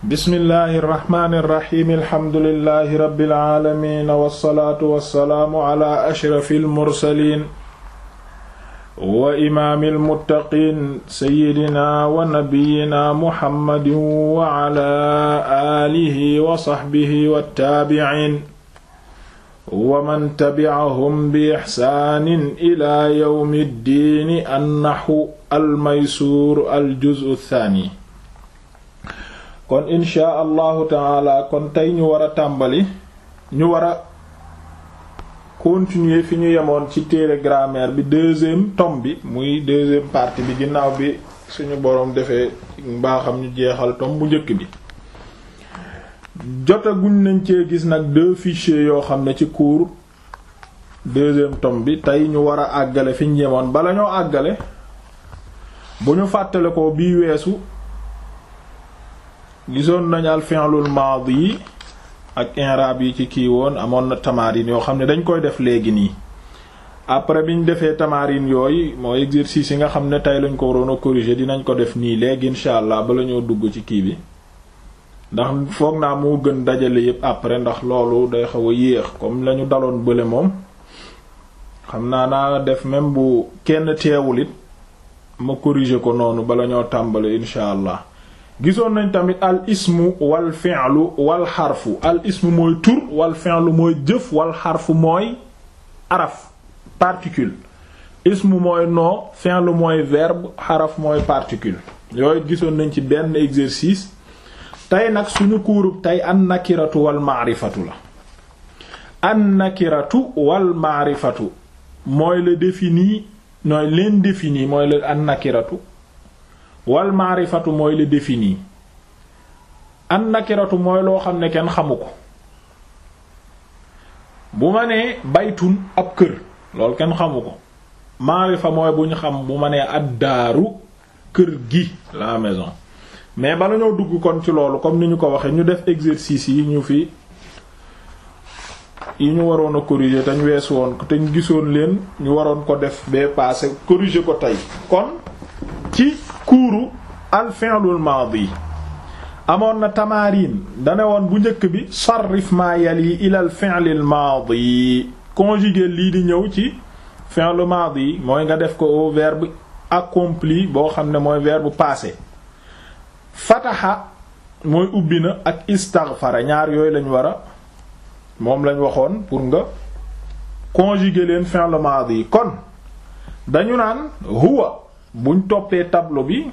bismillahi irrahmani irrahim alhamdulilahi rabbil alamin wassalaatu wassalaamu ala ashrafi almursalin wa imaami almuttaqin sayidina wa nabiyina muhammadin wa ala alihi wa saxbihi wattaabicin wa man tabi'ahum bi ixsaanin ila yawmi ddiini annaxu almaysuur aljuz'u thaani kon insha allahu taala kon tey ñu war a tàmbali ñu war a continuer fi ñu yemoon ci téere grammaire bi deuxième tome bi muy deuxième partie bi ginnaaw bi suñu boroom defee mbaaxam ñu jeexal tome bu njëkk bi jotaguñ nañ cee gis nag deux fichiers yoo xam ne ci cours deuxième tome bi tey ñu war a àggale fi ñu yemoon bala ñoo àggale bu ñu fàttale ko bii weesu gisoon nañ al fi'lul maadi yi ak inrab yi ci kii woon amoon na tamarin yoo xam ne dañ koy def léegi nii après bi ñu defee tamaarin yooyu mooy exercice yi nga xam ne tey lañ ko waroon a corriger dinañ ko def nii léegi incha allah ba la dugg ci kii bi ndax foog naa moo gën dajale yépp après ndax loolu day xaw a yéex comme lañu daloon bële moom xam naa naa def même bu kenn teewul it ma corriger ko noonu bala ñoo tàmbale incha allah gisoon nañ tamit al ismu wal fi'lu wal xarfu al ismu mooy tur wal fi'lu mooy jëf wal xarfu mooy araf particule ismu mooy nom fi'lu mooy verbe xaraf mooy particule yooyu gisoon nañ ci benn exercice tey nag suñu kuurub tey an nakiratu wal ma'rifatu la an nakiratu wal ma'rifatu mooy le défini nooy l'indéfini mooy le an nakiratu wal maari maarifatu mooy le défini an nakiratu mooy loo xam ne kenn xamu ko bu ma nee baytun ab kër loolu kenn xamu ko maarifa mooy bu ñu xam bu ma nee addaaru kër gi la maison mais bala ñoo dugg kon ci loolu comme ni ñu ko waxee ñu def exercice yi ñu fi yi ñu waroon a corriger te ñu weesu woon te ñu gisoon leen ñu waroon ko def bee passé corriger ko tey kon cours al fi'lul maadi amoon na tamarin dane woon bu njëkk bi sarrif ma yali ila al fi'lil maadi conjuguer lii di ñëw ci fi'lul maadi mooy nga def ko au verbe accompli boo xam ne mooy verbe passé fataha mooy ubbi na ak istaghfara ñaar yooyu lañ war a moom lañ waxoon pour nga conjuguer leen fi'l maadi kon dañu naan huwa buñ toppee tableau bi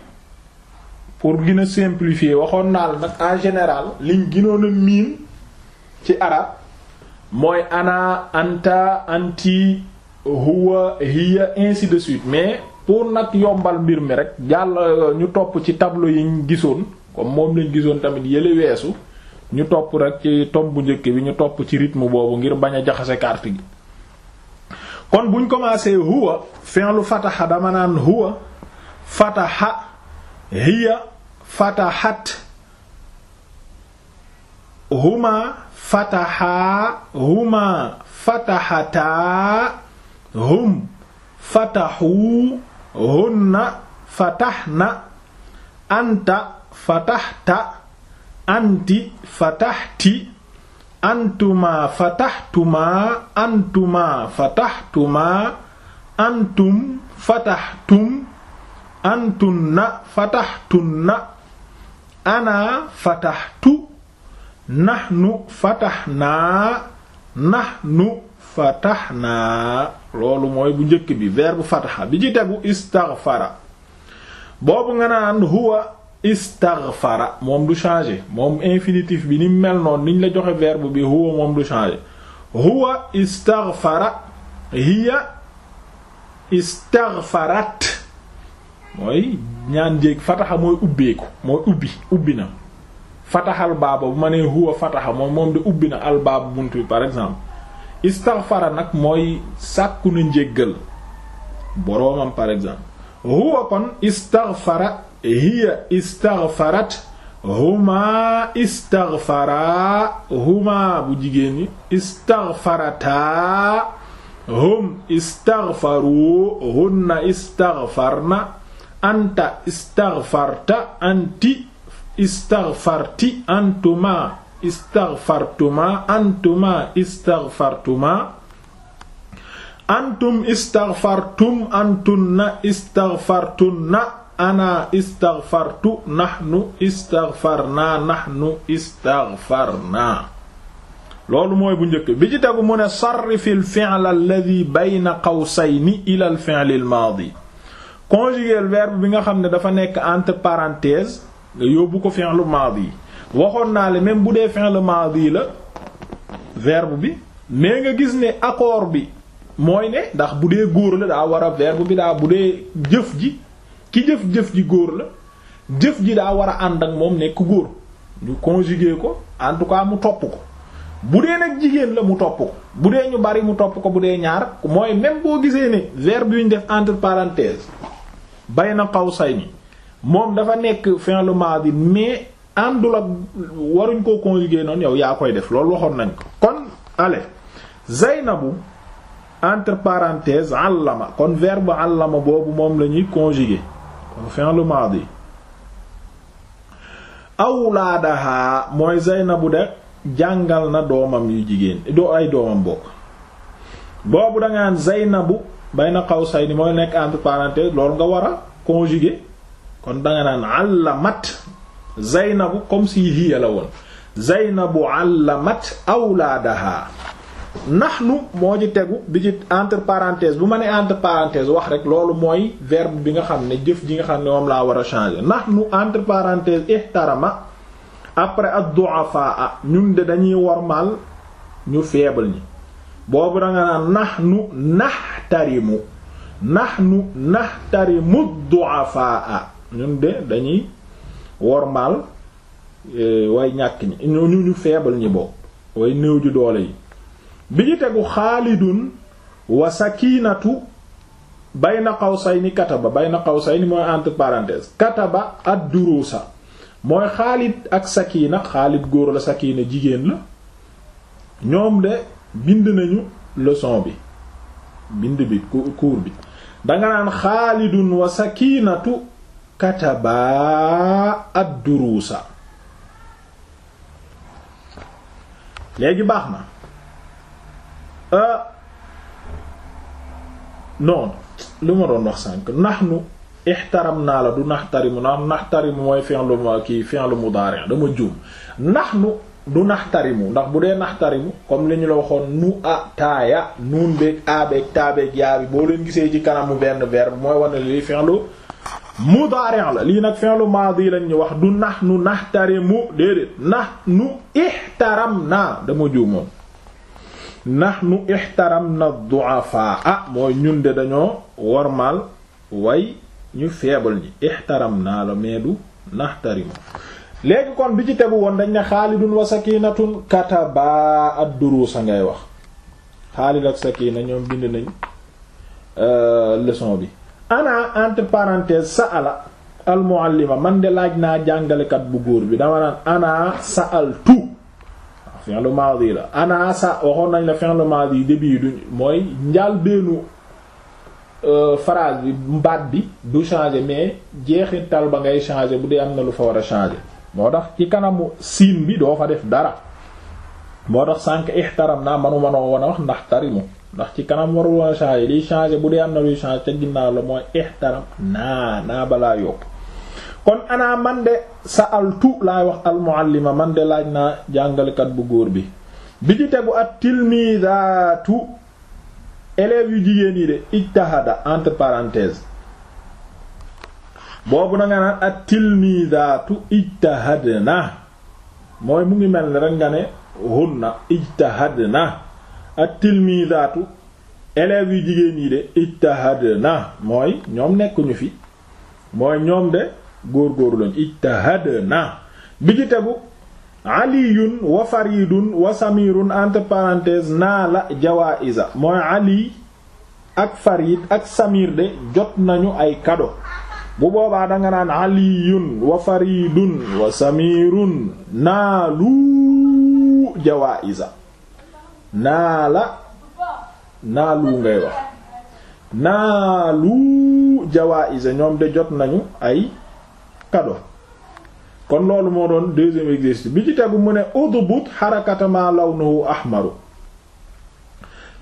pour gën a simplifier waxoon naa nag en général liñ gënoon a miin ci arab mooy ana anta anti huwa hiya ainsi de suite mais pour nag yombal mbir mi rek jàll ñu topp ci tableau yiñ gisoon comme moom lañ gisoon tamit yële weesu ñu topp rek ci tom bu njëkk bi ñu topp ci rythme boobu ngir bañ a jaxase carte gi kon buñ commencé huwa fi'lu fataha dama naan huwa fataxa hiya fataxat huma fataxaa huma fataxataa hum fataxuu hunna fataxna anta fataxta anti fataxti antuma fataxtumaa antuma fataxtumaa antum fataxtum antunna fataxtunna ana fataxtu naxnu fataxnaa naxnu fataxnaa loolu mooy bu njëkk bi verbe fataxa bi ci tegu boobu nga naan huwa istaghfara moom du changer moom infinitif bi ni mel noonu niñ la joxe verbe bi huwa moom du changer huwa istaghfara hiya istaghfarat mooy ñaan jéeg fataxa mooy ubbeeku mooy ubbi ubbi na fataxal baaba bu ma nee huwa fataxa moom de ubbi na al baaba bunt bi par exemple istaghfara nag mooy sàkku na njéggal boroomam par exemple huwa kon istaghfara hiya istaghfarat huma istaghfara huma bu jigéen yi istaghfarata hum istaghfaru hunna istaghfarna anta istaghfarta anti istaghfarti antuma istaghfartuma antuma istaghfartuma antum istaghfartum antunna istaghfartunna ana istaghfartu nahnu istaghfarna nahnu istaghfarna loolu mooy bu njëkk bi ci tegu mu ne sarrifil fi'la alladhi bayna qawsayni ila al fi'l al maadi conjuguer verbe bi nga xam ne dafa nekk entre parenthèse nga yóbbu ko fi'l madi waxoon naa le même bu dee fi'l madi la verbe bi mais nga gis ne accord bi mooy ne ndax bu dee góor la daa war a verbe bi daa bu dee jëf ji ki jëf-jëf ji góor la jëf ji daa war a ànd ak moom nekk góor ñu conjuguer ko en tout cas mu topp ko bu dee nag jigéen la mu topp ko bu dee ñu bari mu topp ko bu dee ñaar mooy même boo gisee ne verbe yu ñu def entre parenthèse bayna qawsayni moom dafa nekk fi'lu maadi mais àndul ak waruñ koo conjuguer noonu yow yaa koy def loolu waxoon nañ ko kon ale zaynabu entre parenthèses allama kon verbe allama boobu moom lañuy ñuy conjuguer kon fi'lu maadi awlaadaha mooy bu de jàngal na doomam yu jigéen doo ay doomam bokk boobu dangaan zaynabu na say qawsayni mooy nekk entre parenthèses loolu nga war a conjuguer kon danga naan allamat zaynabu comme si hiya la woon zaynabu allamat awlaadaha nahnu moo ci tegu bi ci entre parenthèse bu ma ne entre wax rek loolu mooy verbe bi nga xam ne jëf ji nga xam ne moom laa war a changer nahnu entre parenthèse ihtarama après ad-du'afa ñun de dañuy war mal ñu faible ñi boobu da nga naan nahnu nahtarimu nahnu nahtarimu du'afaa ñun de dañuy wormaal eh, way ñàkk ñi ñu ñu feebal ñi boobu way néew ji doole yi bi ñu tegu xaalidun wa sakiinatu bayna qawsayni kataba bayna qawsayni mooy entre parenthèses kataba ad duruusa mooy xaalid ak sakiina xaalid góor la sakiina jigéen la ñoom de bind nañu leçon bi bind bi cours bi danga naan xaalidun wa sakiinatu katabaa ad léegi baax na euh, non lu ma doon wax sànk nahnu ixtaram naa la du naxtarimu naxtarimu mooy fi'lu kii fi'lu mudaari' dama juum nahnu du naxtarimu ndax bu dee naxtarimu comme lañu la waxoon nu a taaya nuun beeg abeeg taabeeg yaa boo leen gisee ci kanamu benn verbe mooy wane li fi'lu mudaari' la lii nag fi'lu maadi lañ ñu wax du nax nu naxtarimu déedéet nax nu ixtaram naa dama juumoon nax nu ixtaram na du'afa ah mooy ñun de dañoo wormaal way ñu feebal ñi ixtaram naa la mais du naxtarimu léegi kon bi ci tegu woon dañ ne xaalidun wa sakinatun kataba ad-durusa ngay wax xaalid ak sakina ñoom bind nañ euh, leçon bi ana entre sa sa'ala al-muallima man de laaj naa jàngalekat bu góor bi dama naan ana sa'altu fi'l maadi la ana sa waxoon nañ la fi'l maadi début yi duñ mooy njaal beenu euh, phrase bi mbaat bi du changer mais jeexital ba ngay changer bu dee am na lu fa war a changer moo tax ci kanamu siin bi doo fa def dara moo tax sànq ihtaram naa manu manoo woon a wax ndax tarimu ndax ci kanam warul woon a changer liy changer bu dee am na luy changer ca ginnaaw la mooy ihtaram naa naa balaa yóbbu kon ana man de sa al tu wax al muallima man de laaj naa jàngalekat bu góor bi bi ci tegu at tilmidaatu élèves yu jigéen yi de ijtahada entre boobu danga naan at tilmidaatu ijtahadna mooy mu ngi mel ni rek nga ne hunna ijtahadna at tilmidaatu élèves yu jigéen yi de ijtahadna mooy ñoom nekkuñu fi mooy ñoom de góor-góor ijtahadna bi ci tegu aliyun wa faridun wa samirun entre parenthèses naa la jawaaisa mooy ali ak farid ak samir de jot nañu ay cadeau bu boobaa danga naan aliyun wa faridun wa samirun naalu jawaa'iza naala naalu ngay wax naalu jawaa'iza ñoom de jot nañu ay kado kon loolu moo doon deuxième exercice bi ci tegu mu ne udbut xarakatamaa lawnuhu ahmaru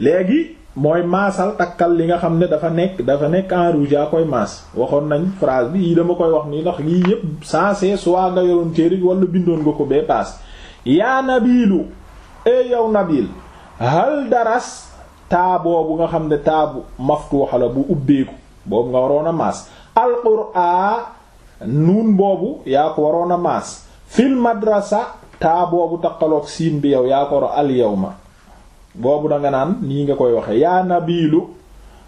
léegi mooy maasal takkal li nga xam ne dafa nekk dafa nekk en rouge a koy maas waxoon nañ phrase bi yii dama koy wax nii ndax yii yëpp sansé soit nga yoroon téere bi wala bindoon nga ko bee paas yaa nabilu e yow nabil hal daras taa boobu nga xam ne taabu bu bu ubbeeku boobu nga waroon a maas alquran nuun boobu yaa ko waroon a maas fil madrasa taaboo bu takkaloog siin bi yow yaa ko war a boobu danga naan lii nga koy waxe yaa nabilu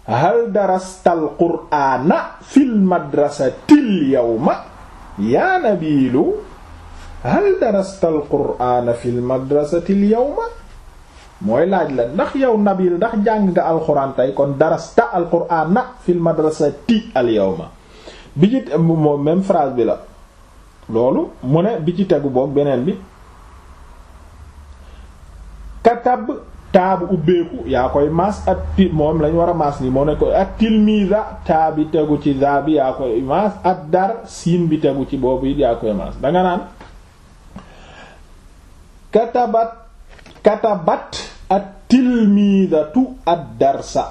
hal darastal qur'ana fil madrasatil yawma yaa nabilu hal darastal qur'ana fil madrasatil yawma mooy laaj la ndax yow nabil ndax jàng nga alquran tey kon darasta alqur'ana fil madrasati al yawma bi ci bi la loolu ci tegu boog beneen bi katab taabu ubbeeku yaa koy maas ak moom lañ war a maas nii moo ne ko ak tilmiza taa bi tegu ci za bi yaa koy maas ak dar siin bi tegu ci boobu it yaa koy maas danga naan katabat katabat ak tilmizatu ad darsa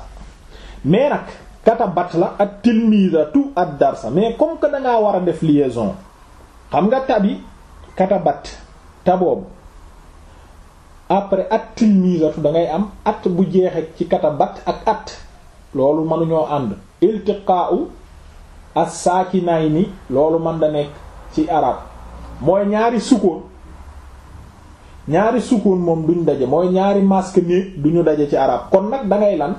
mais nag katabat la ak tilmizatu ad darsa mais comme que dangaa war def liaison xam nga tabi katabat taboobu après at tilmisatu da ngay am at bu jeexee ci katabat ak at loolu mënuñoo ànd iltiqa'u as-sakinayni loolu mën da nekk ci arab mooy ñaari sukkoon ñaari sukkoon moom duñ daje mooy ñaari masque ni duñu daje ci arab kon nag dangay lan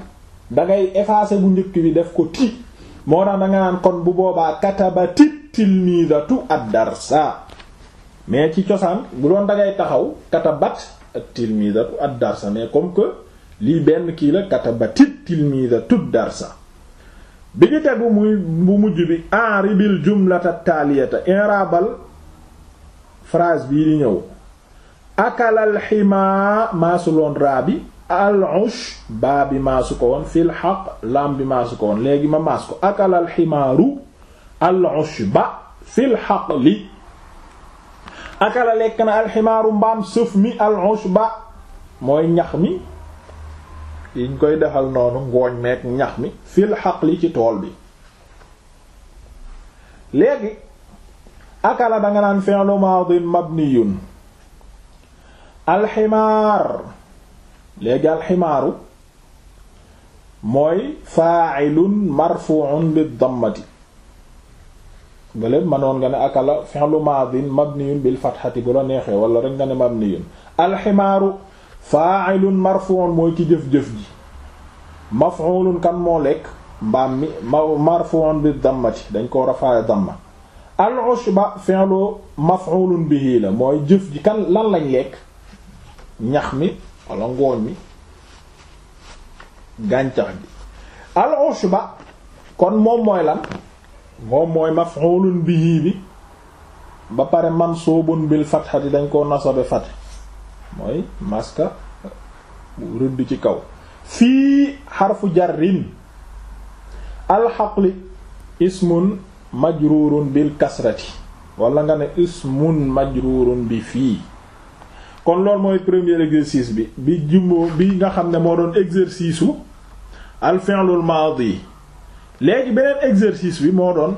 dangay effacer bu njëkk bi def ko ti moo tax danga naan kon bu boobaa katabati tilmisatu ad-darsa mais ci cosaan bu doon dangay taxaw katabat at-tilmizatu ad-darsa mais comme que lii benn kii la katabatit tilmizatu ad-darsa bi ñu tegu bu mujj bi aribil jumlata taaliyata inrabal phrase bii di ñëw akalal ximaa maasu loon raa bi al-ush baa bi maasu ko woon fil xaq lam bi maasu ko woon léegi ma maas ko akalal ximaaru al-ush ba fil xaq li akala lekk na alximaaru mbaam sëf mi al-ushba mooy ñax mi yiñ koy defal noonu ngooñ meek ñax mi fil xaqli ci tool bi léegi akala danga naan fi'lu maadin mabniyun alximaar léegi alximaaru mooy faa'ilun marfu'un bid dammati bële manoon nga ne akala fi'lu maadin mabniyun bil fathati bu la neexee wala rek nga ne mabniyun alximaaru fa'ilun marfu'un mooy ki jëf-jëf ji maf'ulun kan moo lekk mbaam mi marfu'un bi dammati dañ ko rafa'a damma al ushba fi'lu maf'ulun bihi la mooy jëf ji kan lan lañ lekk ñax mi walla ngooñ mi gàncax gi al ushba kon moom mooy lan moom mooy maf'ulun bihi bi ba pare mansubun bil fathati dañ koo nasabe fat mooy maska bu rëdd ci kaw fii xarfu jarrin alxaqli ismun majrurun bil kasrati wala nga ne ismun majrurun bi fii kon lool mooy premier exercice bi bi jumbo bi nga xam ne moo doon exercice u al fi'lul maadi léegi beneen exercice bi moo doon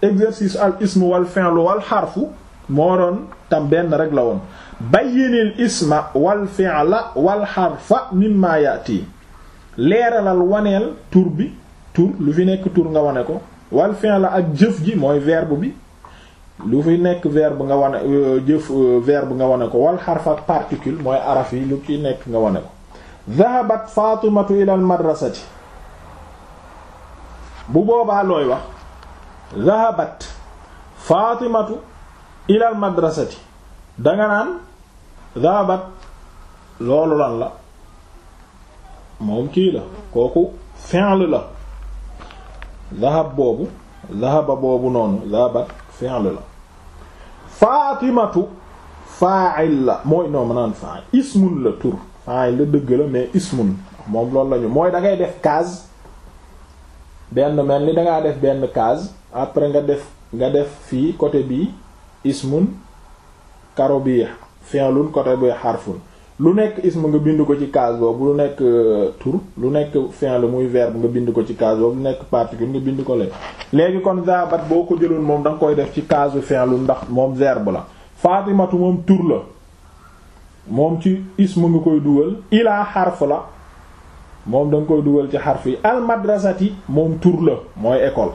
exercice al ismu wal fi'lu wal xarfu moo doon tam benn rek la woon ba bayyinil isma wal fi'la wal xarfa mimma yati leeralal waneel tur bi tur lu fi nekk tur nga wane ko wal fi'la ak jëf ji mooy verbe bi lu fi nekk verbe nga wane euh, jëf euh, verbe nga wane ko wal xarfa ak particule mooy araf yi lu ci nekk nga wane ko dhahabat fatimatu ila al madrasati bu boobaa looy wax zahabat fatimatu ilal madrasati danga naan zahabat loolu lan la moom kii la kooku fi'l la zahab boobu zahaba boobu noonu zahabat fi'l la fatimatu fa'il la mooy non ma naan fa'il ismun la tur fa'il la dëgg la mais ismun moom loolu lañu mooy dangay def kaas benn mel ni dangaa def benn case après nga def nga def fii côté bii ismun karo bi fi'lun côté bi harfun lu nekk ismu nga bind ko ci case boobu lu nekk euh, tur lu nekk fin la muy verbe nga bind ko ci case boobu lu nekk particule nga bind ko leen léegi kon zabat boo ko jëloon moom da nga koy def ci case fin ndax moom verbe la fatimatu moom tur la moom ci ismu ngi koy dugal ilaa xarf la moom da koy dugal ci xarf yi al moom tur la mooy école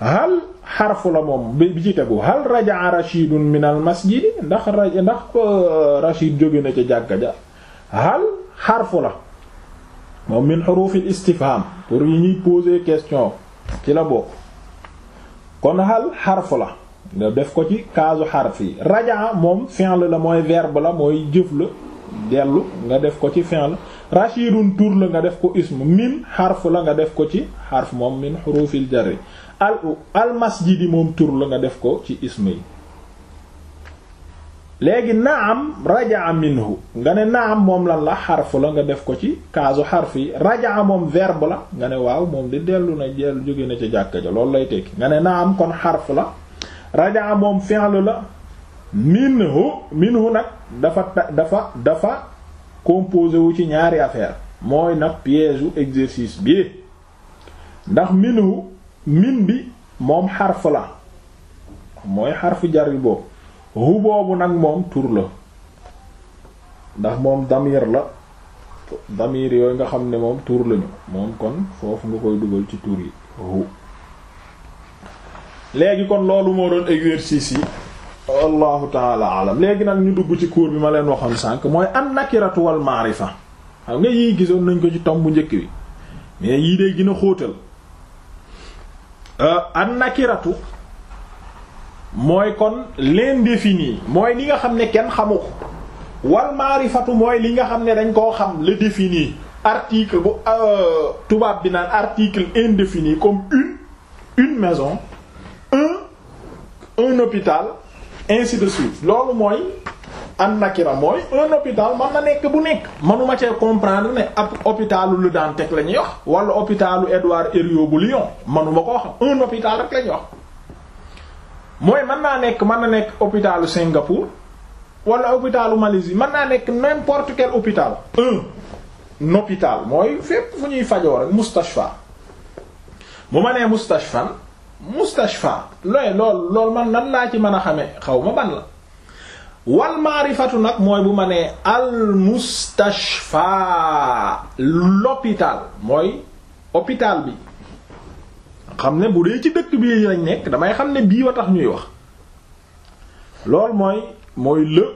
hal xarfu la moom bi ci tegu hal rajaa rashidun min masjidi ndax raj ndax euh, rashid jóge na ca jàkka ja hal xarfu la moom min xurufil istifham pour yi ñuy poser question ci la bokk kon hal xarfu la nga def ko ci kaasu xarf yi rajaa moom fi'l la mooy verbe la mooy jëf la dellu nga def ko ci fi'l rashidun tur la nga def ko ism min xarf la nga def ko ci xarf moom min xurufil jarri al al masjidi moom tur la nga def ko ci ism yi léegi naam rajaa minhu nga ne naam moom lan la xarf la nga def ko ci kaasu xarf yi rajaa moom verbe la nga ne waaw moom di dellu na dellu jóge na ci jàkka ja loolu lay tekki nga ne naam kon xarf la rajaa moom fi'l la minhu minhu nag dafa dafa dafa composé wu ci ñaari affaire mooy nag piège u exercice bi ndax minhu min bi moom xarf la mooy xarfu jar bi boobu hu boobu nag moom tur la ndax moom damir la damir yooyu nga xam ne moom tur lañu moom kon foofu nga koy dugal ci tur yi hu léegi kon loolu moo doon exercice yi wallahu taala alam léegi nag ñu dugg ci cours bi ma leen waxoon sànq mooy am nakiratu wal maarifa xam nga yii gisoon nañ ko ci tomb bu njëkk bi mais yii dee gën a xóotal euh, an nakiratu mooy kon l'indéfini mooy li nga xam ne kenn xamu ko wal maarifatu mooy li nga xam ne dañ koo xam le défini article bu euh, tubaab bi naan article indéfini comme une maison un hôpital ainsi de suite loolu mooy an nakira mooy un hôpital man na nekk bu nekk manuma cee comprendre ne ab hôpitalu Le Dantec la ñuy wax wala hôpitalu Édouard Herriot bu Lyon manuma ko wax un hôpital rek la ñuy wax mooy mën naa nekk mën na nekk hôpitalu Singapour wala hôpitalu Malaisie mën naa nekk n'importe quel hôpital mooy fépp fu ñuy fajoo rek mustashfa bu ma ne mustashfan mustashfa looy lool lool man nan laa ci mën a xamee xaw ma ban la wal maarifatu nag mooy bu ma nee al mustashfa l'hôpital mooy hôpital bi xam ne bu dee ci dëkk bi lañ nekk damay xam ne bii wa tax ñuy wax lool mooy mooy le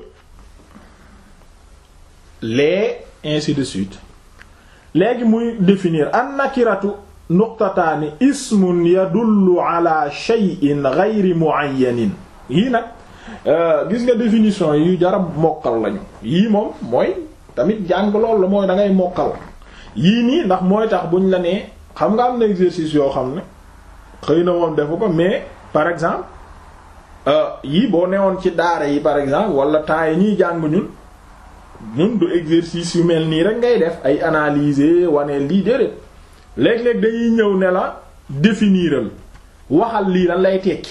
les ainsi de suite léegi muy définir an ya nuqtataani ismun yadullu ala shay'in ghayri mu'ayyanin yii nag euh, gis nga définition yu jarab mokkal lañu yii moom mooy tamit jàng loolu la mooy da ngay mokkal yii nii ndax mooy tax buñ la nee xam nga am na exercice yoo xam ne xëy na moom defu ko mais par exemple euh, yii boo newoon ci daara yi par exemple wala temps yi ñuy jàng ñun ñun du exercice yu mel nii rek ngay def ay analyser wane lii déedéet léeg-léeg dañuy ñëw ne la définiral waxal lii lan lay tekki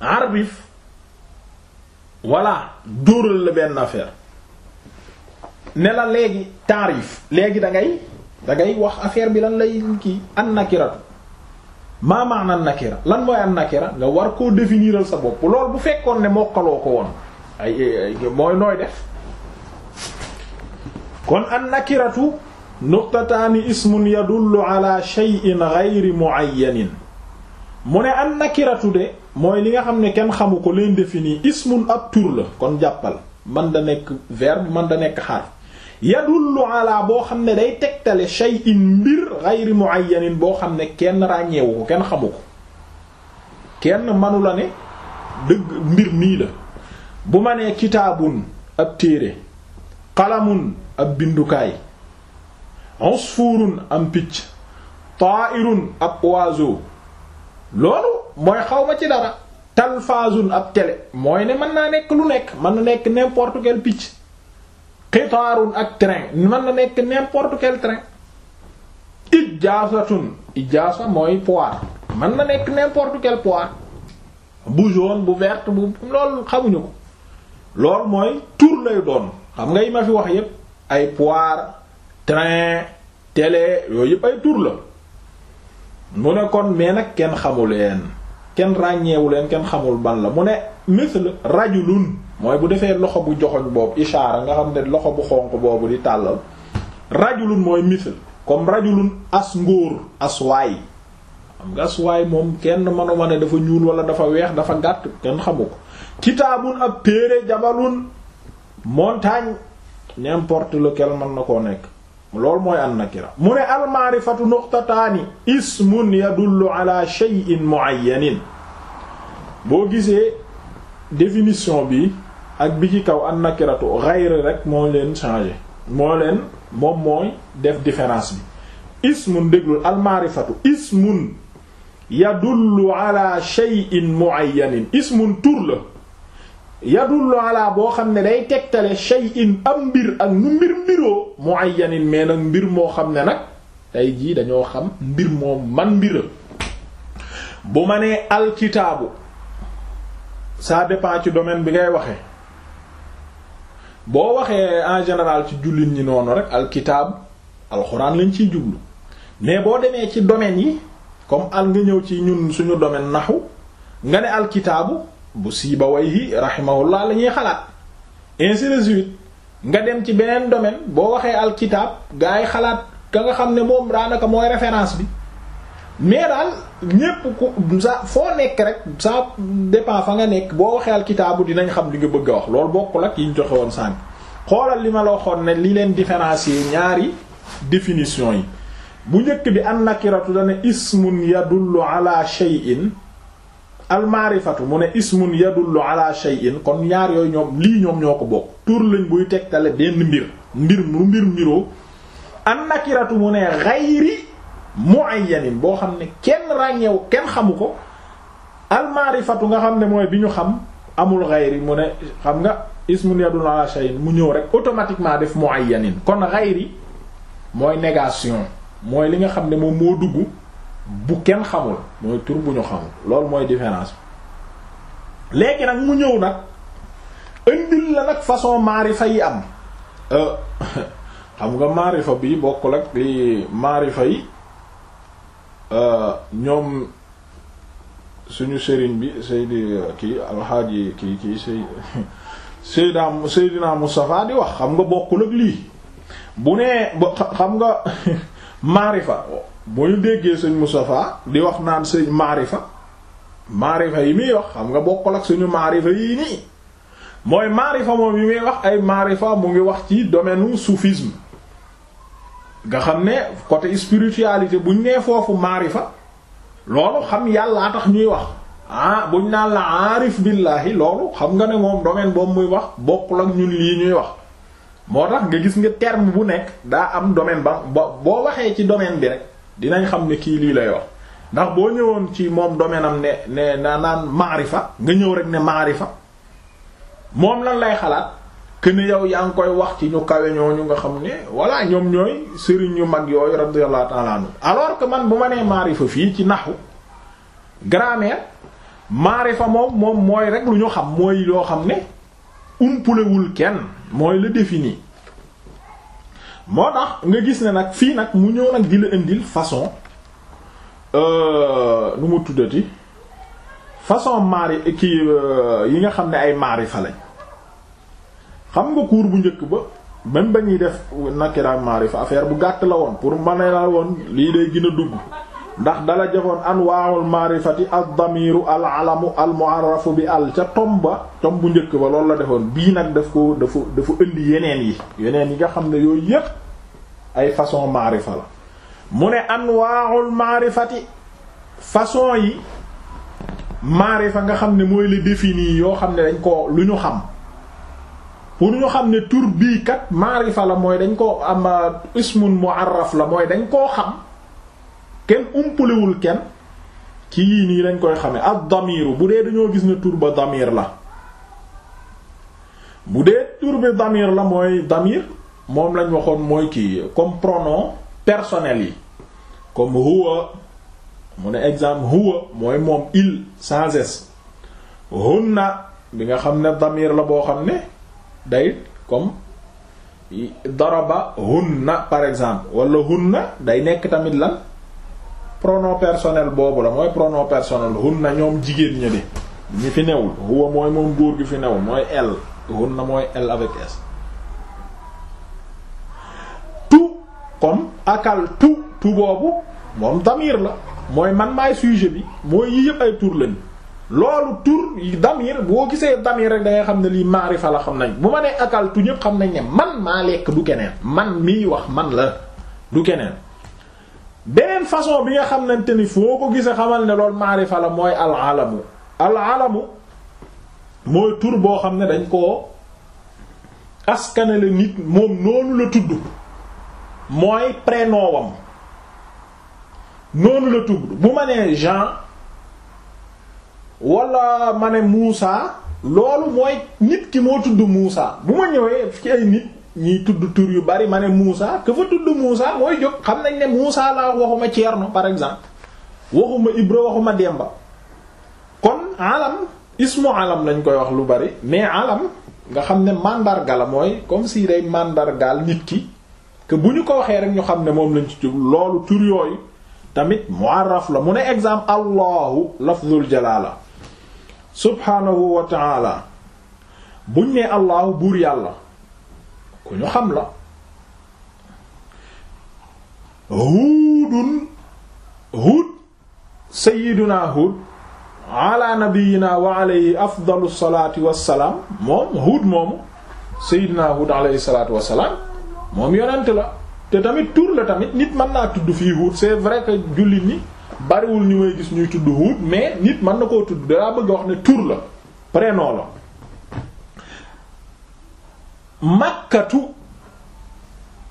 arbif voilà dóoral la benn affaire ne la léegi taarif léegi dangay dangay wax affaire bi lan lay kii an nakiratu maa maana nakira lan mooy an nakira nga war koo définiral sa bopp lool bu fekkoon ne mokkaloo ko woon ay mooy nooy def kon an nuqtataani ismun yadullu ala shay'in ghayri mu'ayyanin mu ne an nakiratu de mooy li nga xam ne kenn xamu ko leen défini ismun ab tur la kon jàppal man da nekk verbe man da nekk xarf yadullu ala boo xam ne day tegtale shay'in mbir ghayri mu'ayyanin boo xam ne kenn ràññeewu ko kenn xamu kenn manu la ne dëgg mbir nii la bu ma nee kitaabun ab téere qalamun ab bindukaay usfurun am picc ta'irun ab oiseau loolu mooy xaw ma ci dara tal talfazun ab télé mooy ne mën naa nekk lu nekk mën na nekk n'importe quel picc qitaarun ak train mën na nekk n'importe quel train ijaasatun ijaasa mooy poire mën na nekk n'importe quel poire bu jaune bu verte bu loolu xamuñu ko loolu mooy tur lay doon xam nga yi ma fi wax yépp ay poire train télé yooyu yëpp ay tur la mu ne kon mais nag kenn xamu leen kenn ràññeewu leen kenn xamul ban la mu ne misl rajulun mooy bu defee loxo bu joxoñ boobu ishaara nga xam ne loxo bu xonq boobu di tàllal rajulun mooy misl comme rajulun as ngóor as waay xam nga waay moom kenn mënuma ne dafa ñuul wala dafa weex dafa gàtt kenn xamu ko kitaabun ab téere jabalun montagne n'importe lequel mën na koo nekk loolu mooy an nakira mu ne al maarifatu nuqtataani ismun yadullu ala shay'in muayyanin boo gisee définition bi ak bi ci kaw an nakiratu rek moo leen changé moo leen moom mooy def différence bi ismun déglul al maarifatu ismun yadullu ala shay'in muayyanin ismun tur la yadullu ala boo xam ne day tegtale shay'in am mbir ak nu mbir mbiroo muayyanin mais nag mbir moo xam ne nag tey jii dañoo xam mbir moom man mbira bu ma nee alkitaabu ça dépend ci domaine bi ngay waxee boo waxee en général ci jullit ñi noonu rek alkitaab alxuraan lañ ciy jublu mais boo demee ci domaine yi comme al nga ñëw ci ñun suñu domaine naxu nga ne alkitaabu bu Sibawayhi rahimahullah la ñuy xalaat ainsi de nga dem ci beneen domaine boo waxee alkitab gaa yi xalaat ka nga xam ne moom daanaka mooy référence bi mais daal ñépp ku sa foo nekk rek ça dépend fa nga nekk boo waxee alkitaabu dinañ xam li nga bëgg a wax loolu bokkul ak yi ñu joxe woon sànq xoolal li ma la waxoon ne li leen différencier ñaari définition yi bu njëkk bi an nakiratu dana ismun yadullu ala shay'in almaarifatu mu ne ismun yadullu ala shay'in kon ñaar yooyu ñoom lii ñoom ñoo ko bokk tur lañ buy tegtale benn mbir mbir mu mbir mbiroo an nakiratu mu ne xayri muayyanin boo xam ne kenn ràññeew kenn xamu ko almaarifatu nga xam ne mooy bi ñu xam amul xayri mu ne xam nga ismun yadullu ala shay'in mu ñëw rek automatiquement def muayyanin kon xayri mooy négation mooy li nga xam ne moom moo dugg bu kenn xamul mooy tur bu ñu xamul loolu mooy différence bi léegi nag mu ñëw nag indil la nag façon maarifa yi am euh, xam nga maarifa bii bokkul ak li maarifa yi euh, ñoom suñu sëriñ bi Seydi euh, kii alxaaji kii kii Seydi Seydina Seydina Mustafa di wax xam nga bokkul ak lii bu nee xam nga maarifa boo ñu déggee sëñ Moustapha di wax naan sëñ maarifa maarifa yi muy wax xam nga bokkul ak suñu maarifa yii nii mooy maarifa moom yi muy wax ay maarifa mu ngi wax ci domaine u soufisme nga xam ne côté bu buñ nee foofu maari fa loolu xam yàllaa tax ñuy wax ah buñ naan la aarif billaahi loolu xam nga ne moom domaine boobu muy wax bokkul ak ñun lii ñuy wax moo tax nga gis nga terme bu nekk daa am domaine ba boo waxee ci domaine bi rek dinañ xam ne kii lii lay wax ndax boo ñëwoon ci moom domaine am ne ne na naan maarifa nga ñëw rek ne maarifa moom lan lay xalaat que yow yaa ngi koy wax ci ñu kawe ñooñu nga xam ne voilà ñoom ñooy sëriñ yu mag yooyu radiyallahu ta'ala anhu man bu ma nee maarifa fii ci naxu grammaire maarifa moom moom mooy rek lu ñu xam mooy yoo xam ne umpulewul kenn mooy le défini moo tax nga gis ne nag fii nag mu ñëw nag di la indil façon euh, nu mu tuddati façon maari ki euh, yi nga xam ne ay maari fa xam nga cours bu njëkk ba même ba ñuy def nakira maari fa affaire bu gàtt la woon pour ma ne la woon lii day gën a dugg ndax dala joxoon anwaawul maarifati ad-damiru al alamu al mu'arrafu bi al ca ba tomb bu njëkk ba loolu la defoon bii nag daf ko dafa dafa indi yeneen yi yeneen yi nga xam ne yooyu yépp ay façon maarifa la mu ne anwaawul maarifati façon yi maarifa nga xam ne mooy le défini yoo xam ne dañ ko lu ñu xam pour ñu xam ne tur bii kat maarifa la mooy dañ ko am ismun mu'arraf la mooy dañ koo xam kenn umpalewul kenn kii yii nii lañ koy xamee ad damiru bu dee dañoo gis ne tur ba damir la bu dee tur bi damir la mooy damir moom lañ waxoon mooy kii comme pronom personnel yi comme huwa mu ne exemple huwa mooy moom il sans s hunna bi nga xam ne damir la boo xam ne day comme daraba na par exemple walla wala na day nekk tamit lan pronom personnel boobu la mooy pronom personnel na ñoom jigéen ña de ñi fi newul huwa mooy moom góor gi fi new mooy elle na mooy elle avec s comme akal tout boobu moom damir la mooy man ay sujet bi mooy yi yëpp ay tur lañ loolu tur yi damir boo gisee damir rek da xam ne lii maarifa la xam nañ bu ma nee akal tu ñëpp xam nañ ne man maa lekk du keneen man mii wax man la du keneen beneen façon bi nga xamante ni foo ko gisee xamal ne loolu maarifa la mooy alalamu alalamu mooy tur boo xam ne dañ koo askanale nit moom noonu la tudd mooy prénom wam noonu la tudd bu ma nee Jean wala ma ne Moussa loolu mooy nit ki moo tudd Moussa bu ma ñëwee ci ay nit ñiy tudd tur yu bari ma ne Moussa que fa tudd Moussa mooy jóg xam nañ ne Moussa laa waxuma Thierno par exemple waxuma Ibra waxuma Demba kon alam ismu alam lañ koy wax lu bari mais alam nga xam ne mandarga la mooy comme si day mandargaal nit bu ñu ko waxee rek ñu xam ne moom lañ ci jublu loolu tur yooyu tamit mu'arraf la mu ne exemple allahu lafzul jalala subhanahu wa ta'ala buñ ne allahu buur yàlla ku ñu xam la huudun huud sayyiduna huud ala nabiyina wa alayhi afdalu salaati wassalaam moom huud moomu sayyiduna huud alayhi salaatu wassalaam moom yonent la te tamit tur la tamit nit mën naa tudd fii huud c'est vrai que jullit ñi bariwul ñu may gis ñuy tudd huud mais nit mën na koo tudd dalaa bëgg wax ne tuur la prénom la màkkatu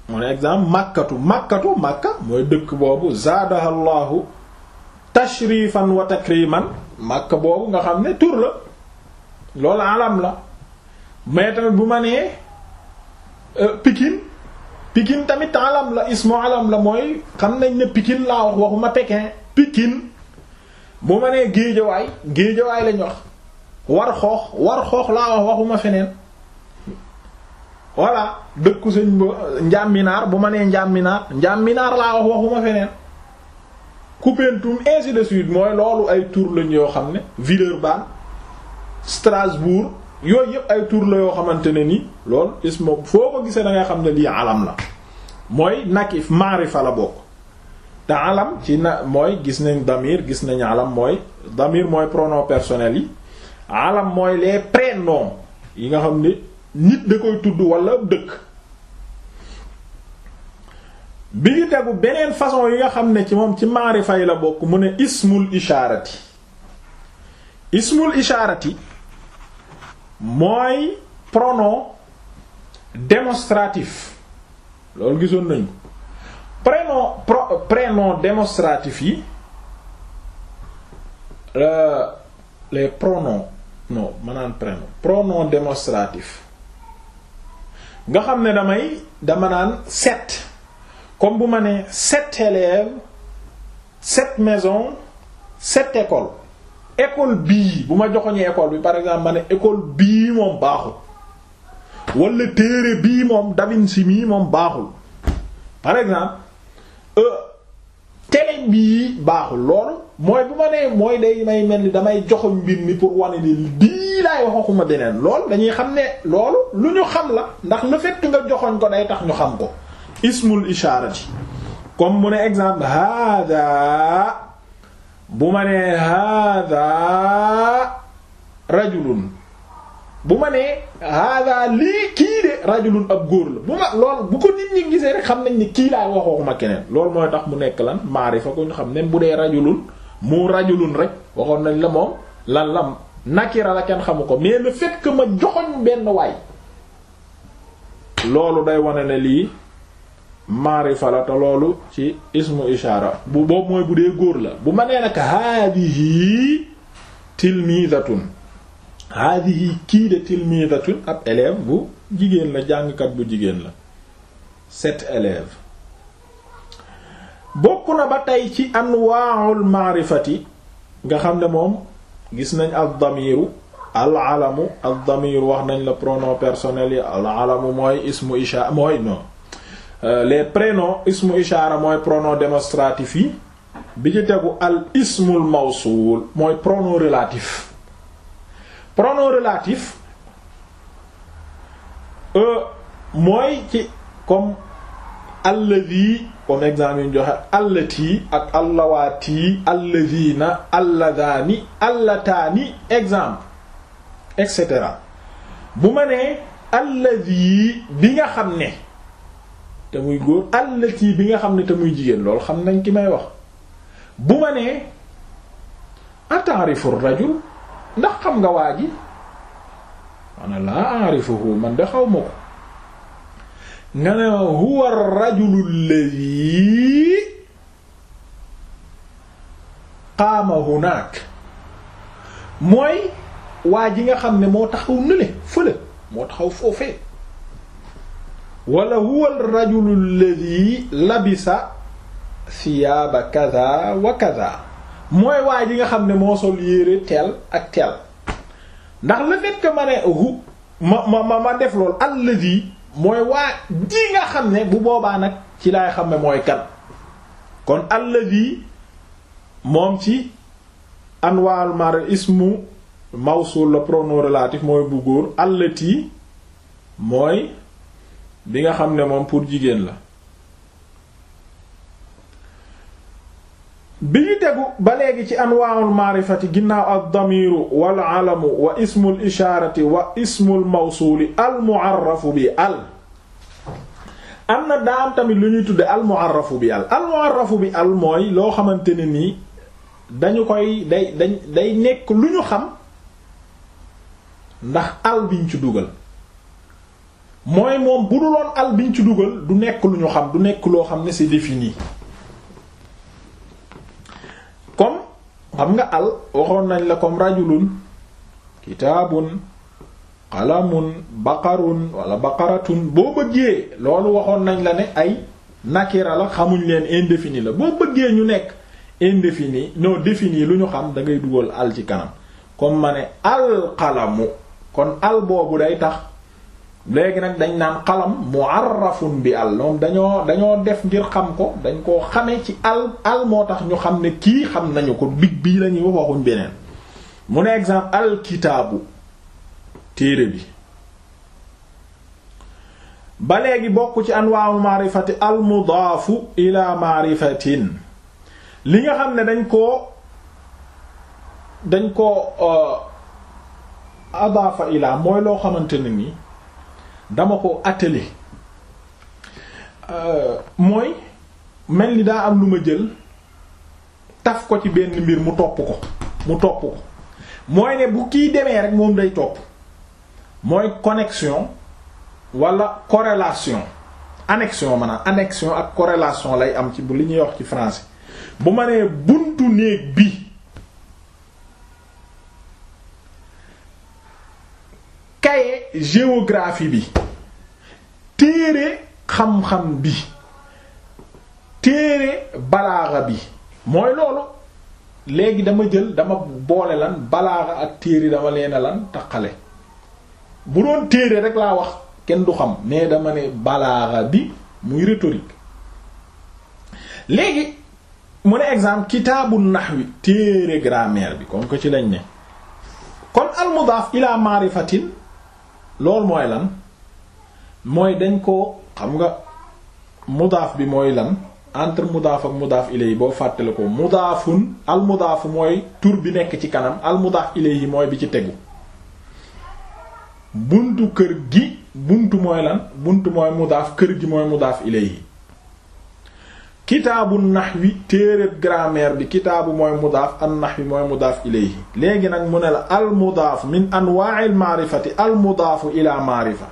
mu ne exemple màkkatu màkkatu màkka mooy dëkk boobu zaadaha llahu tashrifan wa takriman màkka boobu nga xam ne tur la loolu alam la mais tamit bu ma nee euh, Pikine Pikine tamit alam la ismu alam la mooy xam nañ ne Pikine laa wax waxuma Pékin Pikine bu ma nee géejawaay géejawaay lañ wax war xoox war xoox laa wax waxuma feneen voilà dëkku sëñ ba njàmminaar bu ma nee njàmminaar njàmminaar laa wax waxuma feneen Koupentoum ainsi de suite mooy loolu ay tour lañ yoo xam ne Villeurbanne Strasbourg yooyu yëpp ay tur la yoo xamante ne ni loolu isma foo ko gisee da nga xam ne lii alam la mooy nakif maarifa la bokk te alam ci na mooy gis nañ damir gis nañ alam mooy damir mooy pronom personnel yi alam mooy les prénoms yi nga xam ne nit da koy tudd wala dëkk bi ñu tegu beneen façon yi nga xam ne ci moom ci maarifa yi la bokk mu ne ismul ishaarati ismul ishaarati mooy pronom démonstratif loolu gisoon nañu prénom prénom démonstratif yi euh, les pronoms non maanaam prénom pronom démonstratif nga xam ne damay dama naan sept comme bu ma nee sept élèves sept maisons sept écoles école bii bu ma joxoñee école bi par exemple ma ne école bi moom baaxul wala téere bii moom Da Vinci moom baaxul par exemple euh, télé bii baaxul loolu mooy bu ma nee mooy day may mel ni damay joxoñ mbir mi pour wane ni lii laay waxuma beneen loolu dañuy xam ne loolu lu ñu xam la ndax le fekk nga joxoñ ko day tax ñu xam ko ismul isharati comme mu ne exemple hada bu ma nee hada rajulun bu ma nee hada lii kii de rajulun ab góor la bu ma lool bu ko nit ñi gisee rek xam nañ ni kii laa waxoo ma keneen loolu mooy tax mu nekk lan maarifa ko ñu xam ne bu dee rajulun mu rajulun rek waxoon nañ la moom lan la nakira la kenn xamu ko mais le fait que ma joxoñ benn waay loolu day wane ne lii maarifa la te loolu ci ismu ishaara bu boobu mooy bu dee góor la bu ma nee nag haadihi tilmiizatun haadihi kii de tilmidatun ab élève bu jigéen la jàngkat bu jigéen la set élèves bokk na ba tey ci anwaa'ul maarifati nga xam ne moom gis nañ al damiru al alamu al damiru wax nañ la pronom personnel yi al alamu mooy ismu ishaara mooy non euh, les prénoms ismu ishaara mooy pronom démonstratif yi bi ci tegu al ismul mawsuul mooy pronom relatif pronom relatif euh, mooy ci comme alladhi comme exemple yu ñu joxe allati ak allawaati alladhina alladhani allataani exemple et cetera bu ma nee alladhi bi nga xam ne te muy góor allati bi nga xam ne te muy jigéen lool xam nañ ki may wax bu ma nee atarifu rajul ndax xam nga waa ji ana laa arifuhu man de xaw ma ko nga ne huwa ar-rajulu alladhi qaama hunaak mooy waa ji nga xam ne moo taxaw nële fële moo taxaw foofee wala huwa ar-rajulu labisa thiyaaba kadha wa kadha mooy waa ji nga xam ne moo sol yére teel ak teel ndax le fait que ma ne hu ma ma ma def lool alladi mooy waa ji nga xam ne bu boobaa nag ci laay xam ne mooy kan kon alladi moom ci anwaal mar ismu mawsul la pronom relatif mooy bu góor allati mooy bi nga xam ne moom pour jigéen la bi ñu tegu ba léegi ci anwaa'ul maarifati ginnaaw ad-damiiru wal alamu wa ismul ishaarati wa ismul mawsuuli al mu'arrafu bi al am na daa tamit lu ñuy tudde al mu'arrafu bi bi al mooy loo xamante ne nii dañu koy day dañ day nekk lu ñu xam ndax al biñ ci dugal mooy moom bu duloon al biñ ci dugal du nekk lu ñu xam du nekk loo xam ne c'est défini xam nga àll waxoon nañ la comme rajulun kitaabun qalamun baqarun wala baqaratun boo bëggee loolu waxoon nañ la ne ay nakira la xamuñ leen indefini la boo bëggee ñu nekk indéfini non défini lu ñu xam dangay ngay dugal al ci kanam comme ma ne al qalamu kon àll boobu day tax léegi nag dañ naan xalam mu'arrafun bi al moom dañoo def ngir xam ko dañ koo xamee ci al moo tax ñu xam ne kii xam nañu ko big bii la ñuy waxuñ beneen mu ne exemple alkitaabu téere bi ba léegi bokk ci anwaawu maarifati al mudaafu ila maarifatin li nga xam ne dañ koo dañ koo euh, adaafa ila mooy loo xamante ne ni dama ko attelé euh, mooy mel ni daa am lu ma jël taf ko ci benn mbir mu topp ko mu topp ko mooy ne bu kii demee rek moom day topp mooy connexion wala corrélation annexion maanaam annexion ak corrélation lay am ci bu li ñuy wax ci français bu ma nee buntu néeg bi kaye géographie bi téere xam-xam bi téere balaaxa bi mooy loolu léegi dama jël dama boole lan balaaxa ak téere dama leena lan taqale bu doon téere rek laa wax kenn du xam mais dama ne balaaxa bi muy rhétorique léegi mu ne exemple kitaabu naxwi téere grammaire bi comme que ci lañ ne kon al mudaaf maarifatin loolu mooy lan mooy dañ ko xam nga mudaaf bi mooy lan entre mudaaf ak mudaaf ilayhi boo fàttale ko mudaafun al mudaaf mooy tur bi nekk ci kanam al mudaaf ilayhi mooy bi ci tegu buntu kër gi buntu mooy lan buntu mooy mudaaf kër gi mooy mudaaf yi kitaabu naxwi téereb grammaire bi kitaabu mooy mudaaf an naxwi mooy mudaaf ilayhi léegi nag mu ne la al mudaaf min anwaa'il maarifati al mudaafu ila maarifa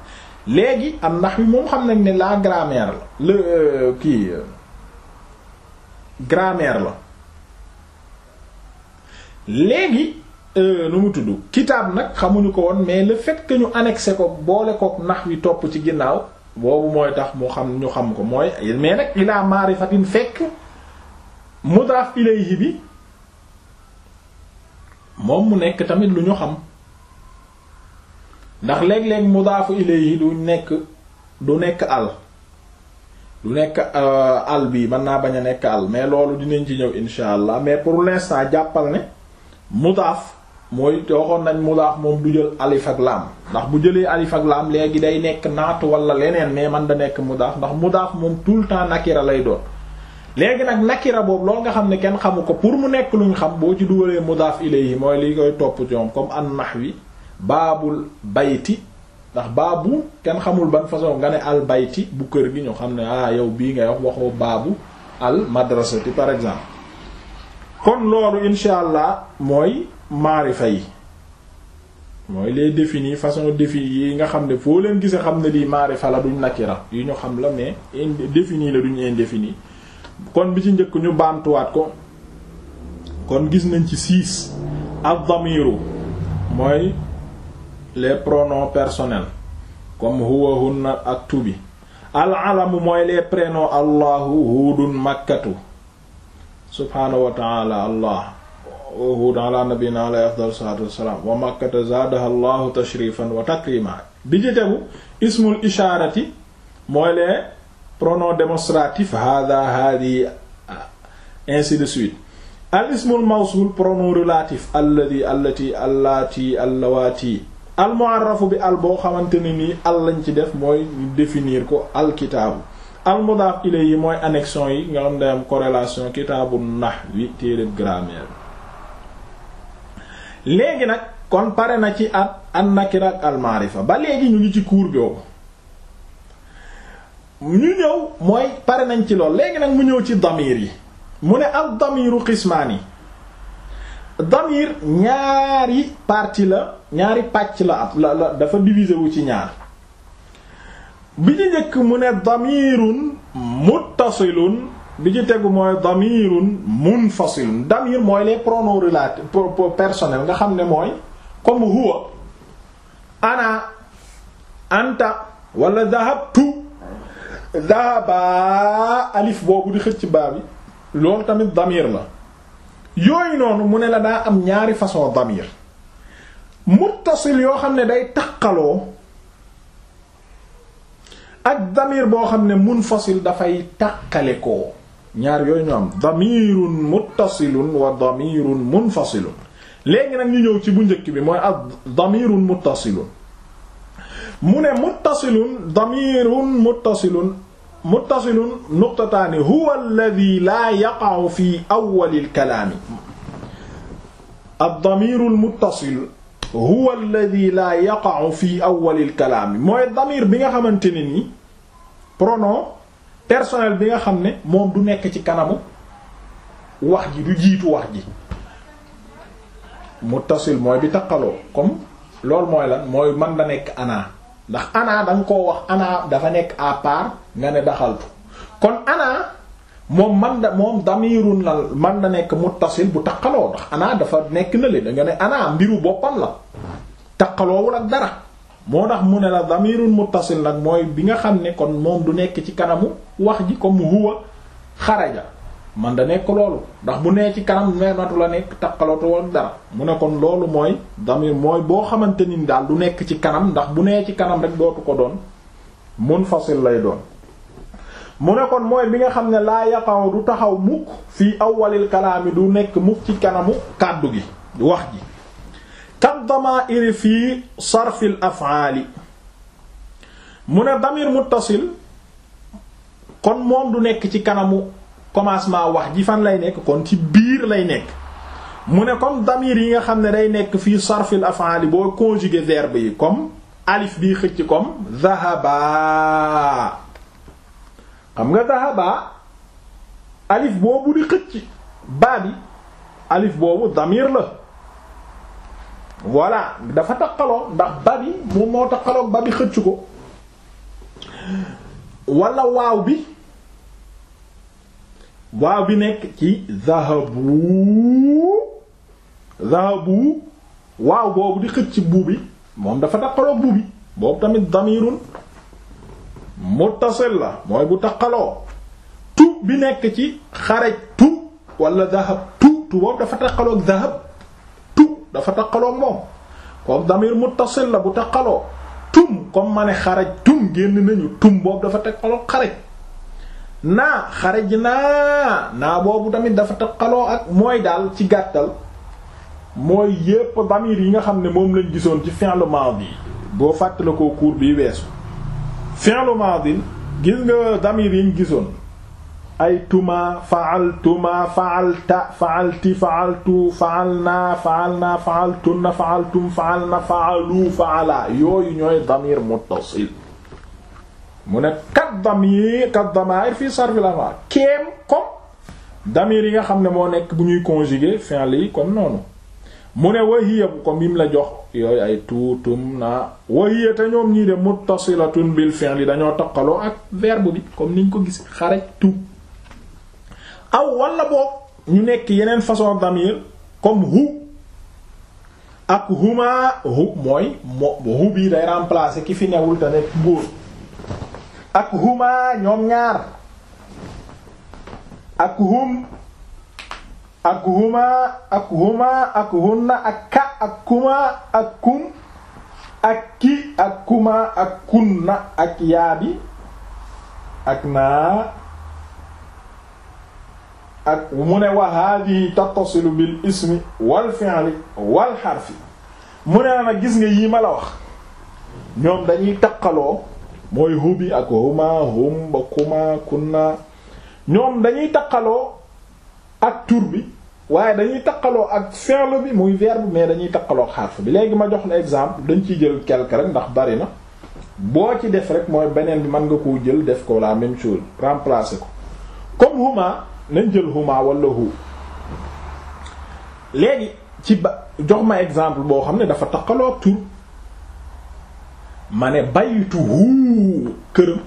léegi an naxwi moom xam nañ ne la grammaire la le euh, kii grammaire la léegi euh, nu mu tudd kitaab nag xamuñu ko woon mais le fekk ñu annexé ko boole kook naxwi topp ci ginnaaw boobu mooy tax mu xam ñu xam ko mooy mais nag ilaa maarifatin fekk mudaaf ilayhi bi moom mu nekk tamit lu ñu xam ndax léeg-léeg mudaafu ilayhi du nekk du nekk àll du nekk euh, àll bii mën naa bañ a nekk al mais loolu dinañ ci ñëw insha allah mais pour l'instant jàppal ne mudaaf mooy waxoon nañ mudaax moom du jël alif ak laam ndax bu jëlee alif ak laam léegi day nekk naatu wala leneen mais man da nekk mudaax ndax mudaax moom tout le temps nakira lay doon léegi nag nakira boobu loolu nga xam ne kenn xamu ko pour mu nekk luñ xam boo ci dugalee mudaaf yi mooy li koy topp ci moom comme an nahwi baabul bayti ndax baabu kenn xamul ban façon nga ne al bayti bu kër gi ñu xam ne ah yow bii ngay wax waxoo baabu al madrasati par exemple kon loolu insha allah mooy maarifa yi mooy les définis façon défi yi nga xam ne foo leen gisee xam ne lii maarifa la duñ nakira yu ñu xam la mais défini la duñ indéfini kon bi ci njëkk ñu baamtuwaat ko kon gis nañ ci six ad-damiru mooy les pronoms personnels comme huwa hunna ak tubi al-alamu mooy les prénoms allahu hudun makkatu subhaanahu wa allah hudan ala nabina alayhi afdal salatu wassalam wa makkata zaadaha llahu tashrifan wa takrima bi ci tegu ismul ishaarati mooy les pronoms démonstratifs hada hadi ainsi de suite al ismul mawsul pronom relatif alladi allati allati allawaati al mu'arrafu bi al boo xamante ne nii al lañ ci def mooy définir ko al kitaabu al mudaaf ilayhi mooy annexion yi nga xam ne am corrélation kitaabu nahwi téereb grammaire léegi nag kon pare na ci at an nakira ak al maarifa ba léegi ñu ngi ci cours boobu ñu ñëw mooy pare nañ ci lool léegi nag mu ñëw ci damir yi mu ne al damiru xismaani damir ñaari parti la ñaari pàcc la ab dafa divisé wu ci ñaar bi ñu njëkk mu ne damirun muttasilun bi ci tegu mooy damirun munfasilun damir mooy les pronoms relatifs personnels nga xam ne mooy comme huwa ana anta wala dahabtu dahaba alif boobu di xëcc baa bi loolu tamit damir la yooyu noonu mu ne la daa am ñaari façon damir muttasil yoo xam ne day takkaloo ak damir boo xam ne mun munfasil dafay takkale ko ñaar yooyu ñu am damirun muttasilun wa damirun munfasilun léegi nag ñu ñëw ci bu njëkk bi mooy ak damirun muttasilun mu ne muttasilun damirun muttasilun muttasilun nuqtataani huwa alladhi laa yaqa'u fi awwali al-kalaami ad-damiru al-muttasil huwa alladhi laa yaqa'u fi awwali al-kalaami mooy damir bi nga xamante ne ni pronom personnel bi nga xam ne moom du nekk ci kanamu wax ji du jiitu wax ji muttasil mooy bi taqaloo comme loolu mooy lan mooy man da nekk ana ndax anaa danga koo wax anaa dafa nekk à part nga ne daxaltu kon ana moom man da moom damirun la man da nekk muttasil bu taqaloo ndax ana dafa nekk na le da nga ne ana mbiru boppam la taqaloowul ak dara moo tax mu ne la damirun muttasil nag mooy bi nga xam ne kon moom du nekk ci kanamu wax ji ko comme huwa ja man da nekk loolu ndax bu nee ci kanam mernatu la nekk takkalatu woon dara mu ne kon loolu mooy damir mooy boo xamante ni daal du nekk ci kanam ndax bu nee ci kanam rek dootu ko doon munfasil lay doon mu ne kon mooy bi nga xam ne laa yaqaw du taxaw mukk fii awwalil kalaami du nekk mukk ci kanamu kàddu gi wax ji kat damaa'ir fi sarfil af'aali mu ne damir muttasil kon moom du nekk ci kanamu commencement wax ji fan lay nekk kon ci biir lay nekk mu ne comme damir yi nga xam ne day nekk fii sarfil af'aali boo conjuguer verbe yi comme alif bii xëcc comme dhahaba xam nga dhahaba alif boobu di xëcc baa bi alif boobu damir la voilà dafa taqaloo ndax ba bi moom moo taqaloo ba bi xëcc ko wala waaw bi waaw bi nekk ci zahabu zahabu waaw boobu di xëcc bu bi moom dafa taqaloo bu bi boobu tamit damirun muttasil la mooy bu taqaloo tu bi nekk ci xaraj tu wala zahab tu tu boobu dafa taqaloo ak zahab dafa taqaloog moom comme damir muttasil la bu taqaloo tum comme ma ne xaraj tum génn nañu tum boobu dafa taqaloo xaraj naa xaraj naa naa boobu tamit dafa taqaloo ak mooy daal ci gàttal mooy yépp damir yi nga xam ne moom lañ gisoon ci fi'l maadi boo ko cours bi weesu fi'l maadi gis nga damir yi ñu gisoon ay tuma fa'altuma fa'alta fa'alti fa'altu fa'alna fa'alna fa'altunna fa'altum fa'alna fa'alu fa'ala yooyu ñooy damir muttasil mu ne kat damir kat damair fii sarfil amar kéem comme damir yi nga xam ne moo nekk bu ñuy conjuguer fi'l yi comme noonu mu ne wahiya bu comme yim la jox yooyu ay tuutum naa wahiya te ñoom ñii de muttasilatun bil fi'l yi dañoo taqaloo ak verbe bi comme niñ ko gis xaraj tu aw wala boog ñu nekk yeneen façon damir comme hu ak huma hu mooy mo hu bii day remplacer ki fi newul te nekk góor ak huma ñoom ñaar ak hum ak huma ak huma ak hunna ak ka ak kuma ak kum ak ki ak kuma ak kunna ak yaabi ak naa ak mu ne wa hadihi tattasilu bil ismi wal fi'li wal xarfi mu ne na nag gis nga yii ma la wax ñoom dañuy taqaloo mooy hubi ak huma hum ba kuma kunna ñoom dañuy taqaloo ak tur bi waaye dañuy taqaloo ak fi'l bi muy verbe mais dañuy taqaloo ak xarf bi léegi ma jox la exemple dañ ciy jël quelque rek ndax bari na boo ci def rek mooy beneen bi mën nga koo jël def ko la même chose remplacer ko comme huma nañ jël huma wala hu léegi ci ba jox ma exemple boo xam ne dafa taqaloo tur ma ne baytu huu këram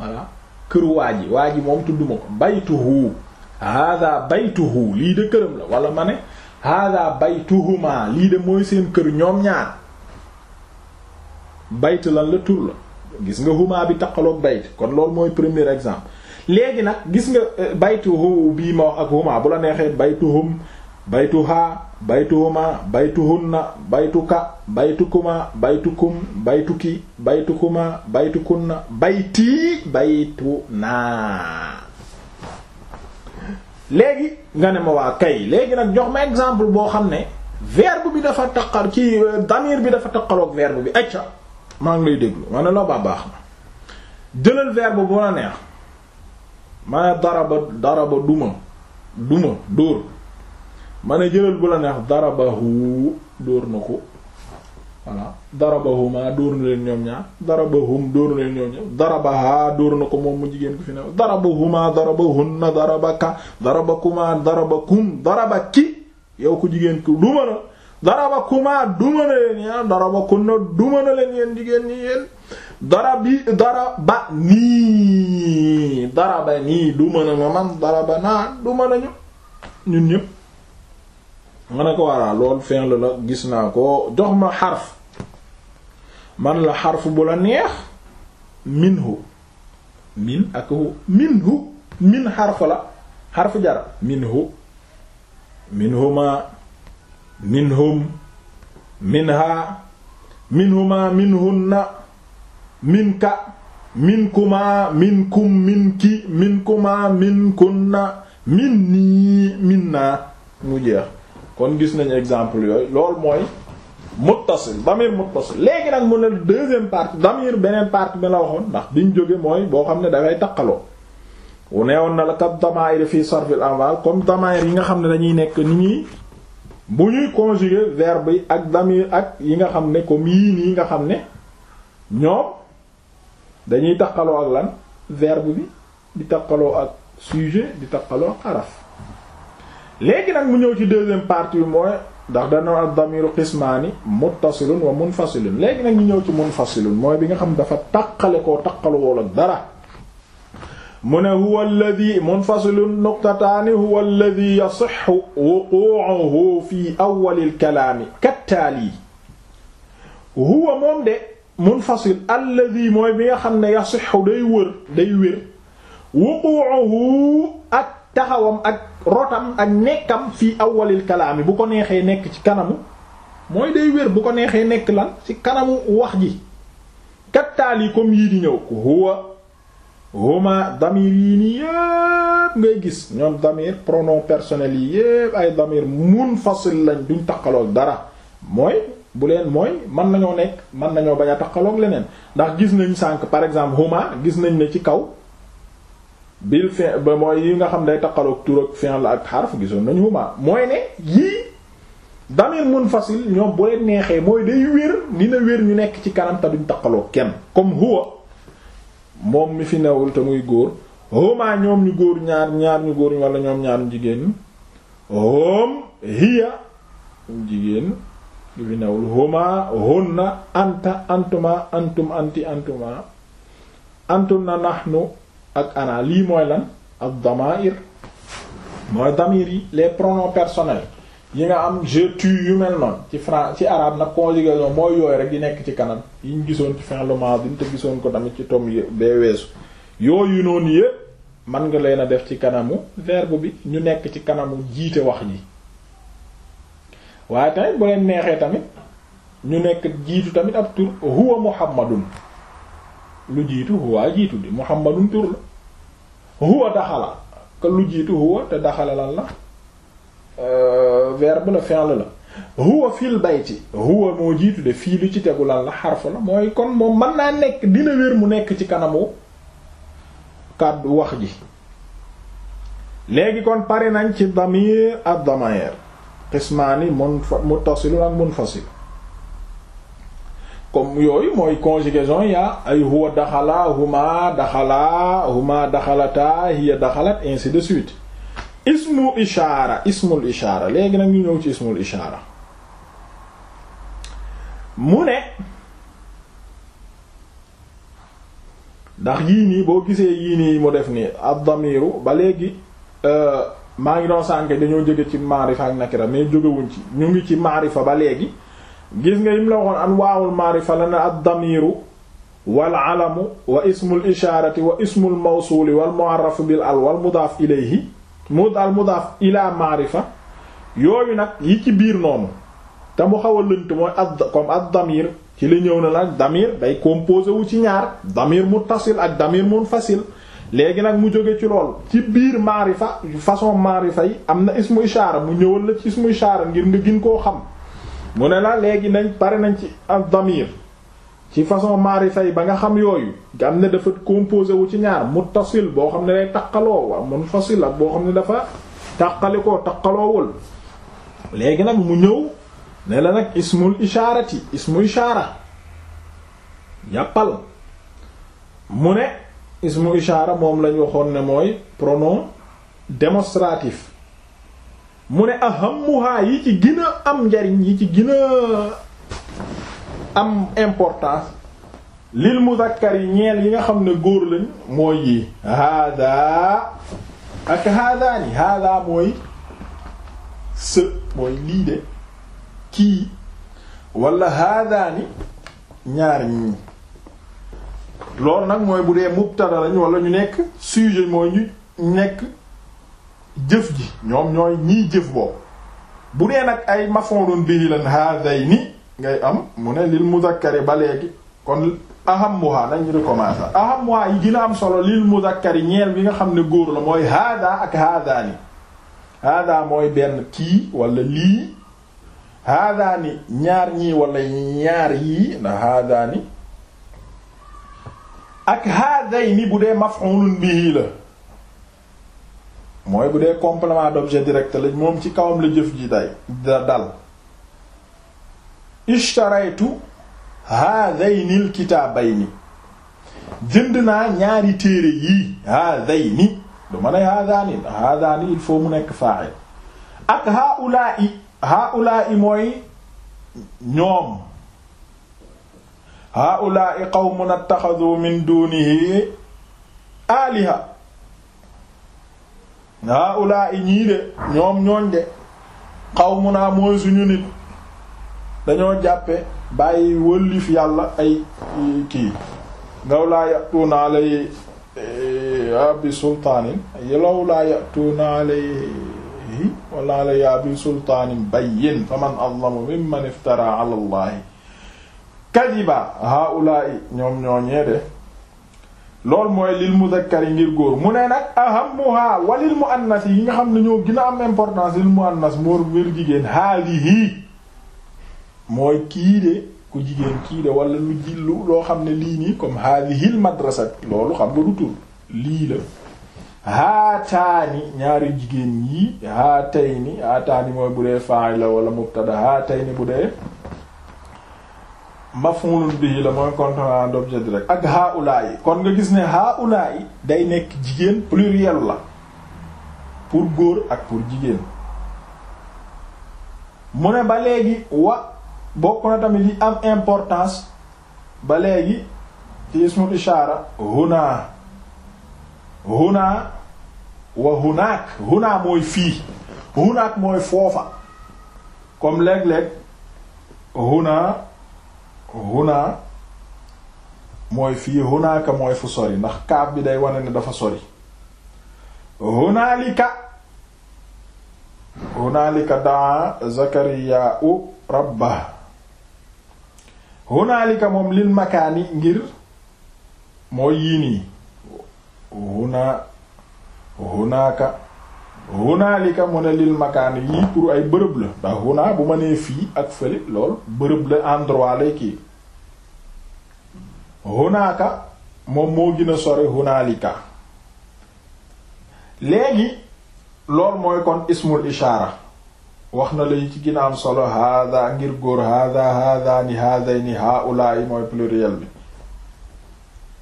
voilà kër waa ji waa ji moom tudduma ko baytu huu hada baytu huu lii de këram la wala ma ne baytu baytuhuma lii de mooy seen kër ñoom ñaar bayt lan la tur la gis nga huma bi taqaloog bayt kon loolu mooy premier exemple léegi nag gis nga euh, baytuhu bii ma wax ak huma bu la neexee baytu baytuhum baytuha baytuhuma baytuhunna baytuka baytukuma baytukum baytuki baytukuma baytukunna bayti baytunaa léegi nga ne ma waa kay léegi nag jox ma exemple boo xam ne verbe bi dafa taqal ci euh, damir bi dafa taqaloog verbe bi acca maa ngi lay déglu ma ne la ba baax na jëlal verbe bu la neex ma ne daraba daraba duma duma dóor ma ne jëlal bu la neex darabahu dóor na ko voilà darabahuma dóor na leen ñoom ñaar darabahum dóor na leen ñoom ñaar darabaha dóor na ko moom mu jigéen ko fi ne darabahuma darabahunna darabaka darabakuma darabakum darabaki yow ku jigéen ko duma na darabakuma duma na leen ñaar darabakunna duma na leen yéen jigéen ñi yéen darabi daraba nii daraba nii du mën a ma man daraba naa du mën a ñu ñun ñëpp ma ne ko waraa loolu fi'l la gis naa ko jox ma xarf man la xarf bu la neex minhu min ak hu minhu min xarf minhu minhuma min ka min kuma min kum min ki min kuma min kunna min nii min naa mu jeex kon gis nañu exemple yooyu lool mooy muttasil damir muttasil léegi nag mu ne deuxième partie damir beneen partie bi la waxoon ndax biñ jóge mooy boo xam ne dafay taqaloo wu neewoon na la kat damaayir fii sarfil anval comme damaayir yi nga xam ne dañuy nekk ni ñuy bu ñuy conjuguer verbe yi ak damir ak yi nga xam ne comme yii nii nga xam ne ñoom dañuy taqaloo ak lan verbe bi di taqaloo ak sujet di taqaloo ak araf léegi nag mu ñëw ci deuxième partie bi mooy ndax dañoo ak damiru qismaani muttasilun wa munfasilun léegi nag ñu ñëw ci munfasilun mooy bi nga xam dafa taqale koo taqaluwool ak dara mu ne huwa alladhi munfasilun nuqtataani huwa alladhi yasihhu wuqu'uhu fi awwalil kalaami kattaali huwa moom de munfasil alladi mooy bi nga xam ne yasixu day wër day wér wuquuhu ak taxawam ak rotam ak nekkam fii awwalil kalaami bu ko neexee nekk ci kanamu mooy day wér bu ko neexee nekk la ci kanamu wax ji kattaal yi comme yii di ñëw huwa huma damir yii nii yépp ngay gis ñoom damir pronom personnel yi yépp ay damir munfasil lañ duñ takkaloo dara mooy bu leen mooy mën nañoo nekk mën nañoo bañ a taqaloog leneen ndax gis nañ sànq par exemple huma gis nañ ne ci kaw bil fi ba mooy yi nga xam day taqaloog tur ak la ak xarf gisoon nañ huma mooy ne yii damir munfasil ñoom bu neexee mooy day wér dina wér ñu nekk ci kanam te duñ kenn comme huwa moom mi fi newul te muy góor huma ñoom ñu góor ñaar ñaar ñu góor wala ñoom ñaar ñu jigéen hum hiya jigéen du fi newul huma hunna anta antuma antum anti antuma antum na nahnu ak anaa lii mooy lan ak damair mooy damir yi les pronoms personnels yi nga am je tu yu mel noonu ci fran ci arabe nag conjugaison mooy yooyu rek di nekk ci kanam yi ñu gisoon ci finlement le maadi gisoon ko tamit ci tom bee weesu yooyu noonu yëpp man nga leen a def ci kanamu verbe bi ñu nekk ci kanamu jiite wax yi waaye tamit bu leen neexee tamit ñu nekk jiitu tamit ab tur huwa muhammadun lu jiitu huwa jiitu di muhammadun tur la huwa daxala ka lu jiitu huwa te daxala lan la euh, verbe la fi'l la huwa fil bayti huwa moo jiitu de fii lu ci tegu lan la xarf la mooy kon moom mën naa nekk dina wér mu nekk ci kanamu kàddu wax ji léegi kon pare nañ ci damir ad-damir xismaani mun muttasilun ak munfasil comme yooyu mooy conjugaison yaa ay huwa daxala huma daxala huma daxalata hiya daxalat ainsi de suite ismu ishaara ismul ishaara léegi nag ñu ñëw ci ismul ishaara mu ne ndax yii nii boo gisee yii nii mu def nii ad-damiru ba léegi euh, maa ngi doon sànke dañoo jóge ci maarifa ak nakira mais jógewuñ ci ñu ngi ci maarifa ba léegi gis nga yim la waxoon an waawul maarifa la na ad damiru wal alamu wa ismul ishaarati wa ismul wal mu'arraf bil al wal mudaaf ilayhi mu daal mudaaf ila yooyu nag yi ci biir noonu te mu xaw a lënt mooy ad damir ci li ñëw na nag damir day composé wu ci ñaar damir muttasil ak damir munfasil léegi nag mu jóge ci lool ci biir fa yu façon maarifa yi am na ismu ishaara mu ñëwal la ci ismu ishaara ngir nga gin koo xam mu ne la léegi nañ pare nañ ci am damir ci façon maarifa yi ba nga xam yooyu gam ne dafa composé wu ci ñaar mu muttasil boo xam ne day taqaloo wa munfasil ak boo xam ne dafa taqali koo taqaloowul léegi nag mu ñëw ne la nag ismul ishaarati ismu ishaara yàppal mu ne ismu ishaara moom lañu waxoon ne mooy pronom demostratif mu ne ahammuha yi ci gën am njariñ yi ci gën am importance lil muzakkar yi ñeel yi nga xam ne góor lañ mooy yi hada ak hadaani hada mooy së mooy lii de kii wala hadaani ñaar ñi loolu nag mooy bu dee mubtada lañ wala ñu nekk sujet mooy ñu nekk jëf ji ñoom ñooy ñii jëf boobu bu dee nag ay maf'ulun bihi lan haadayni ngay am mu ne lil muzakkari ba léegi kon ahammuha nañ recommencé ahammuha yi dina am solo lil muzakkari ñeel bi nga xam ne góor la mooy haada ak haadaani haada mooy benn kii walla lii haadaani ñaar ñii wala ñaar yii na haadaani ak haadayni bu dee maf'ulun bihi la mooy bu dee complément d'objet direct la moom ci kawam la jëf ji day da dal ishtaraytu haadayni alkitaabayni jënd naa ñaari téere yii haadayni du ma ne haadaani il faut mu nekk fa'il ak haa'ulaa'i haa'ulaa'i mooy ñoom haa'ulaa'i qawmun ittaxazuu min duunihi aaliha haa'ulaa'i ñii de ñoom ñooñ de qawmunaa mooy suñu nit dañoo jàppe bàyyi wëllif yàlla ay ki ngaw laa yatuuna alay eh, abi sultaanin law laa yatuuna alayhi wala alay abi sultaanin bayyin faman azlamu mimman iftara ala kadiba haula'i ñoom ñoo de loolu mooy lil muzakkar yi ngir góor mu ne nag ahammuha walil muannas yi nga xam ne ñoo gën a am importance lil muannas moor ngir jigéen haalihi mooy kii de ku jigéen kii de wala lu jillu loo xam ne lii nii comme haalihil madrasat loolu xam nga du tur lii la haataani ñaari jigéen yi haatayni haataani mooy bu dee fa'ila wala mubtada haatayni bu dee maf'ulun bihi la mooy contenant d'objet direct ak haula yi kon nga gis ne haula yi day nekk jigéen pluriel la pour góor ak pour jigéen mu ne ba léegi wa bokk na tamit yi am importance ba léegi ci ismul ishaara huna huna wa hunaak huna mooy fii hunaak mooy foofa comme léeg-léeg huna huna mooy fii hunaaka mooy fu sori ndax kaab bi day wane ne dafa sori hunaalika hunaalika daa zakariya u rabba hunaalika moom lil makaani ngir mooy yii huna hunaaka hunaalika mu ne lil makaan yii pour ay bërëb la ndax huna bu ma nee fii ak fële lool bërëb la endroit lay kii hunaaka moom moo gën a sori hunaalika léegi lool mooy kon ismul ishaara wax na lay ci gën solo hada ngir góor hada hada ni hada ni haula yi mooy pluriel bi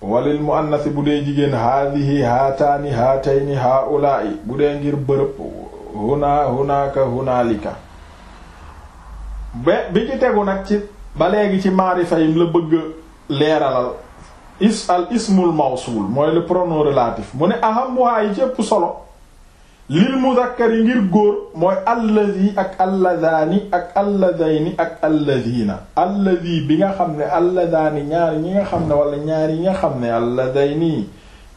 walil muannasi bu dee jigéen haadihi haataani haatayni haulaa'i bu dee ngir bërëb huna hunaka hunaalika be bi ci tegu nag ci ba léegi ci maarifa yim la bëgg leeralal is al ismul mawsul mooy le pronom relatif mu ne ahamuhaa yi ci ëpp solo lil muzakkar yi ngir góor mooy allazi ak alladaani ak alladayni ak alladina allazi bi nga xam ne alladaani ñaari ñi nga xam ne wala ñaari yi nga xam ne alladayni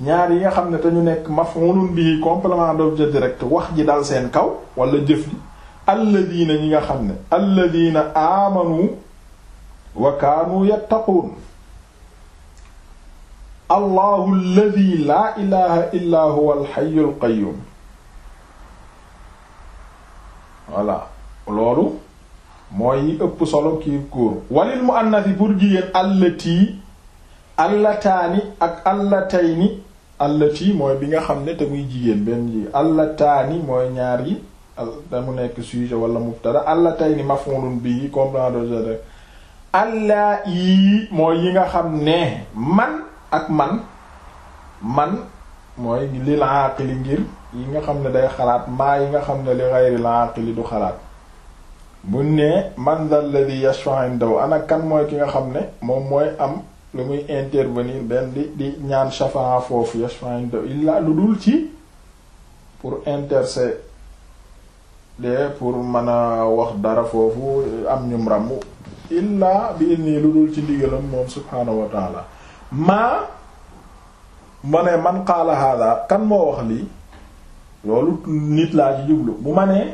ñaari yi nga xam ne te ñu nekk maf'ulun complement complément d'objet direct wax ji dal seen kaw wala jëf li alladina ñi nga xam ne alladina aamanu wa kaanu yattaquun allahu alladi laa ilaha illa huwa alhayyul qayyum voilà loolu mooy ëpp solo kii góor walil mu annasi pour jigéen allati allataani ak allatayni allati mooy bi nga xam ne te muy jigéen benn ji allataani mooy ñaar yi da mu nekk sujet wala mubtada allatayni maf'ulun bi complément de alla yi mooy yi nga xam ne man ak man man mooy lil aaqili ngir yi nga xam ne day xalaat maa yi nga xam ne li ghayril aqili du xalaat bu ne man dal ladhi yashfa'u indahu ana ki nga xam ne moom mooy am lu muy intervenir benn di di ñaan shafa'a foofu yashfa'u indahu illaa lu dul ci pour intercéder pour mën a wax dara am ñum ramu illaa bi lu dul ci ndigalam moom subhaanahu wa maa ma ne man qaala hada kan moo wax lii loolu nit laa ci jublu bu ma nee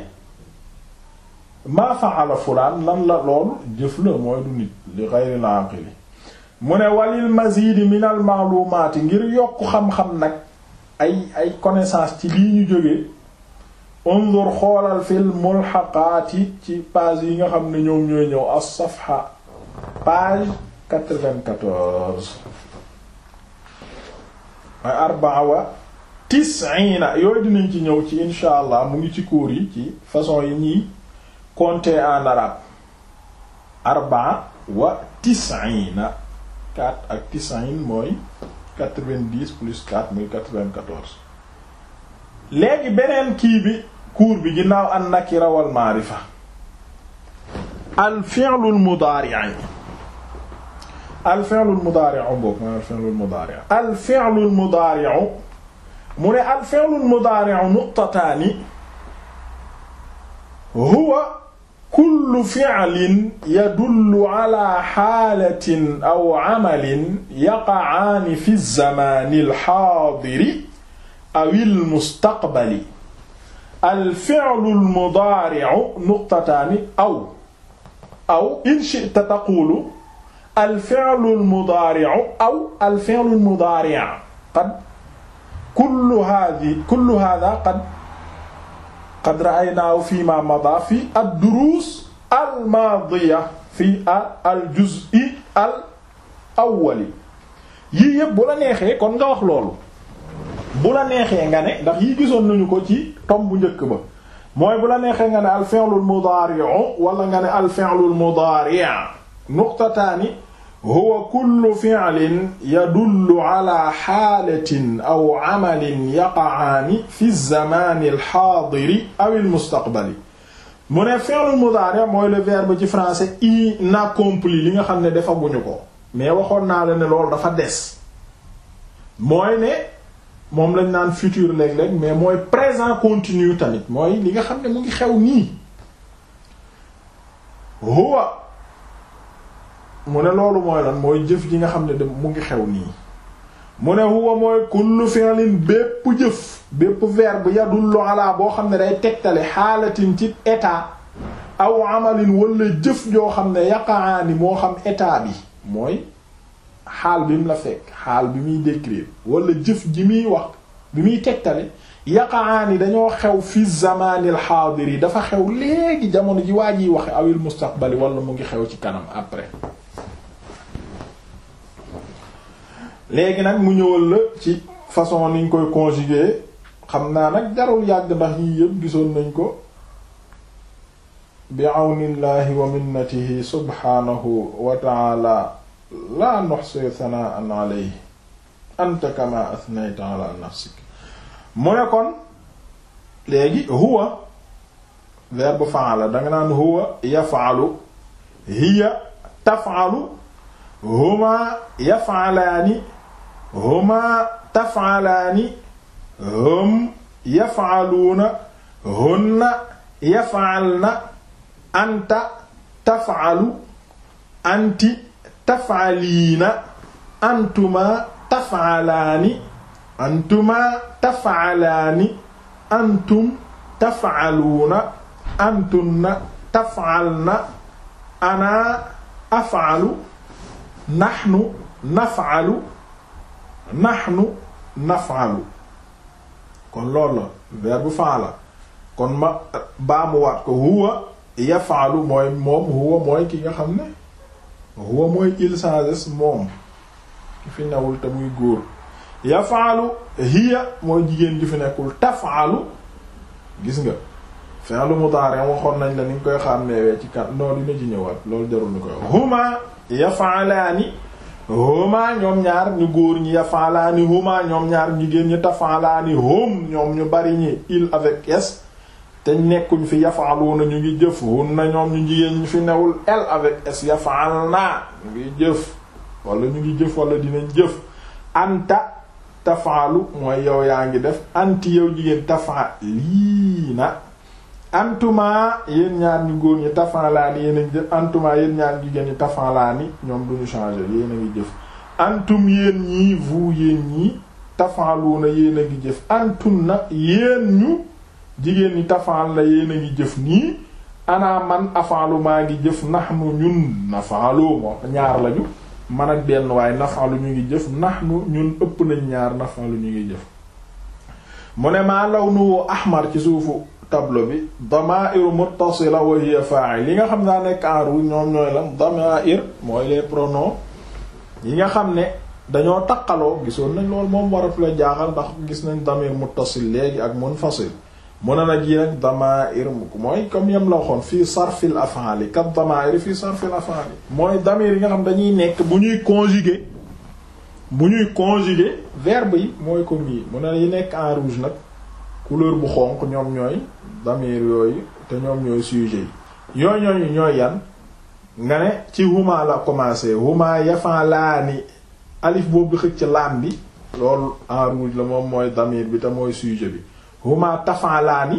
maa fa'ala fulaan lan la loolu jëf la mooy du nit li ghayril aqili mu ne walil mazidi minal maalumaati ngir yokk xam-xam nag ay ay connaissance ci lii ñu jóge unzur xoolal fil mulhaqaati ci page yi nga xam ne ñoom ñooy ñëw as-safha page 94 ay arba'a wa tisina yooyu dinañ ci ñëw ci insha allah mu ngi ci cours yi ci façon yi ñuy compter en arabe arbaa wa tisina 4 ak tisin mooy 90 plus 4 muy léegi beneen kii bi cours bi ginnaaw an nakira wal maarifa al fi'lul mudaari' al fi'lul mudaari' al fi'lul mudaari' al fi'lul mudaari' mu ne al fi'lul mudaari'u nuqtataani huwa kullu fi'lin yadullu ala xaalatin aw amalin yaqa'aani fi zamaani al-haadiri aw al-mustaqbali al fi'lul mudaari'u nuqtataani aw aw in shi'ta taquulu al fi'lul mudaari'u aw al fi'lul mudaari' qad kullu haadi kullu hada qad qad ra'aynaahu fi ma mada fi ad-duruus al-maadiya fi al-juz'i al-awwali yii yëpp bu la neexee kon nga wax loolu bu la neexee nga ne ndax yii gisoon nañu ko ci tom bu njëkk ba mooy bu la neexee nga ne al-fi'lul mudaari'u wala nga ne al-fi'lul mudaari' nuqtataani huwa kullu fi'lin yadullu ala xaalatin aw amalin yaqa'aani fi zamaani alxaadiri aw almustaqbali mu ne fi'lu mudaari mooy le verbe ci français inaccompli li nga xam ne defaguñu ko mais waxoon naa la ne loolu dafa des mooy ne moom lañ naan futur léeg-léeg mais mooy présent continu tamit mooy li nga xam ne mu ngi xew nii huwa mu ne loolu mooy lan mooy jëf ji nga xam ne de mu ngi xew nii mu ne huwa mooy kullu fi'lin bépp jëf bépp verbe yadullu ala boo xam ne day tegtale xaalatin ci état aw amalin wala jëf joo xam ne yaqaani moo xam état bi mooy xaal bi mu la fekk xaal bi muy décrire walla jëf ji muy wax bi muy tegtale yaqaani dañoo xew fi zamaanil xaadir yi dafa xew léegi jamono ji waa jiy waxe awil mustaqbali wala mu ngi xew ci kanam après léegi nag mu ñëwal la ci façon niñ koy conjuguer xam naa nag jarul yàgg ndax yii yëpp gisoon nañ ko bi àwnillaahi wa minnatihi subhaanahu wa ta'ala laa nuhsi thanaan alayhi anta kama athnayta ala nafsik mu ne kon léegi huwa verbe fa'ala danga naan huwa yaf'alu hiya taf'alu huma yaf'alaani huma tafalaani hum yafaluuna hunna yafalna anta tafalu anti tafaliina antuma tafalaani antuma tafalaani antum tafaluuna antunna tafalna ana afalu nahnu nafalu nahnu naf'alu kon loolu la verbe fa'ala kon ma baamuwaat ko huwa yaf'alu mooy moom huwa mooy ki nga xam ne huwa mooy il changes moom ki fi newul te muy góor yaf'alu hiya mooy jigéen ji fi nekkul taf'alu gis nga fi'lu mudari waxoon nañ la ni nga koy xàmmeewee ci kan noonu dina ci ñëwaat loolu jarul ni koy huma yaf'alani huma ñoom ñaar ñu góor ñi yafalaa ni ñoom ñaar jigéen ñi tafalaa ni hum ñoom ñu bari ñi il avec s te nekkuñ fi na ñu ngi jëf hun na ñoom ñu jigéen ñi fi newul l avec s yafal naa ñu ngi jëf wala ñu ngi jëf wala dinañ jëf anta tafaalu mooy yow yaa ngi def anti yow jigéen tafaa lii na antuma yéen ñaar ñu góor ñi tafanlaani yéen a jëf antuma yéen ñaar jigéen ñi tafanlaani ñoom duñu changer yéen a ngi jëf antum yéen ñii vous yéen ñii tafanluuna yéen a ngi jëf antum na yéen ñu jigéen ñi tafan la yéen a ngi jëf nii ana man maa ngi jëf nahnu ñun nafanlu moo ñaar lañu man ak benn waaye nafanlu ñu ngi jëf nahnu ñun ëpp nañ ñaar nafanlu ñu ngi jëf mu ne maa law nuwoo ahmar ci suufu tableau bi dama'ir muttasila wa hiya fa'il yi li nga xam daa nekk en rouge ñoom ñooy lan dama'ir mooy les pronoms yi nga xam ne dañoo taqaloo gisoon nañ loolu moom waratu la jaaxal ndax gis nañ damir muttasil léegi ak munfasil mu ne nag yi nag dama'ir mooy comme yam la waxoon fii sarfil af'ali kat dama'ir fii sarfil af'ali mooy damir yi nga xam dañuy nekk bu ñuy conjuguer bu ñuy conjuguer verbe yi mooy comme yi mu ne yi nekk nag couleur bu xonq ñoom ñooy damir yooyu te ñoom ñooy sujet yi yooyu ñooñu ñooy yan nga ne ci huma la commencé huma yafalaani alif boobu xëcc laam bi loolu en rouge la moom mooy damir bi te mooy sujet bi huma tafalaani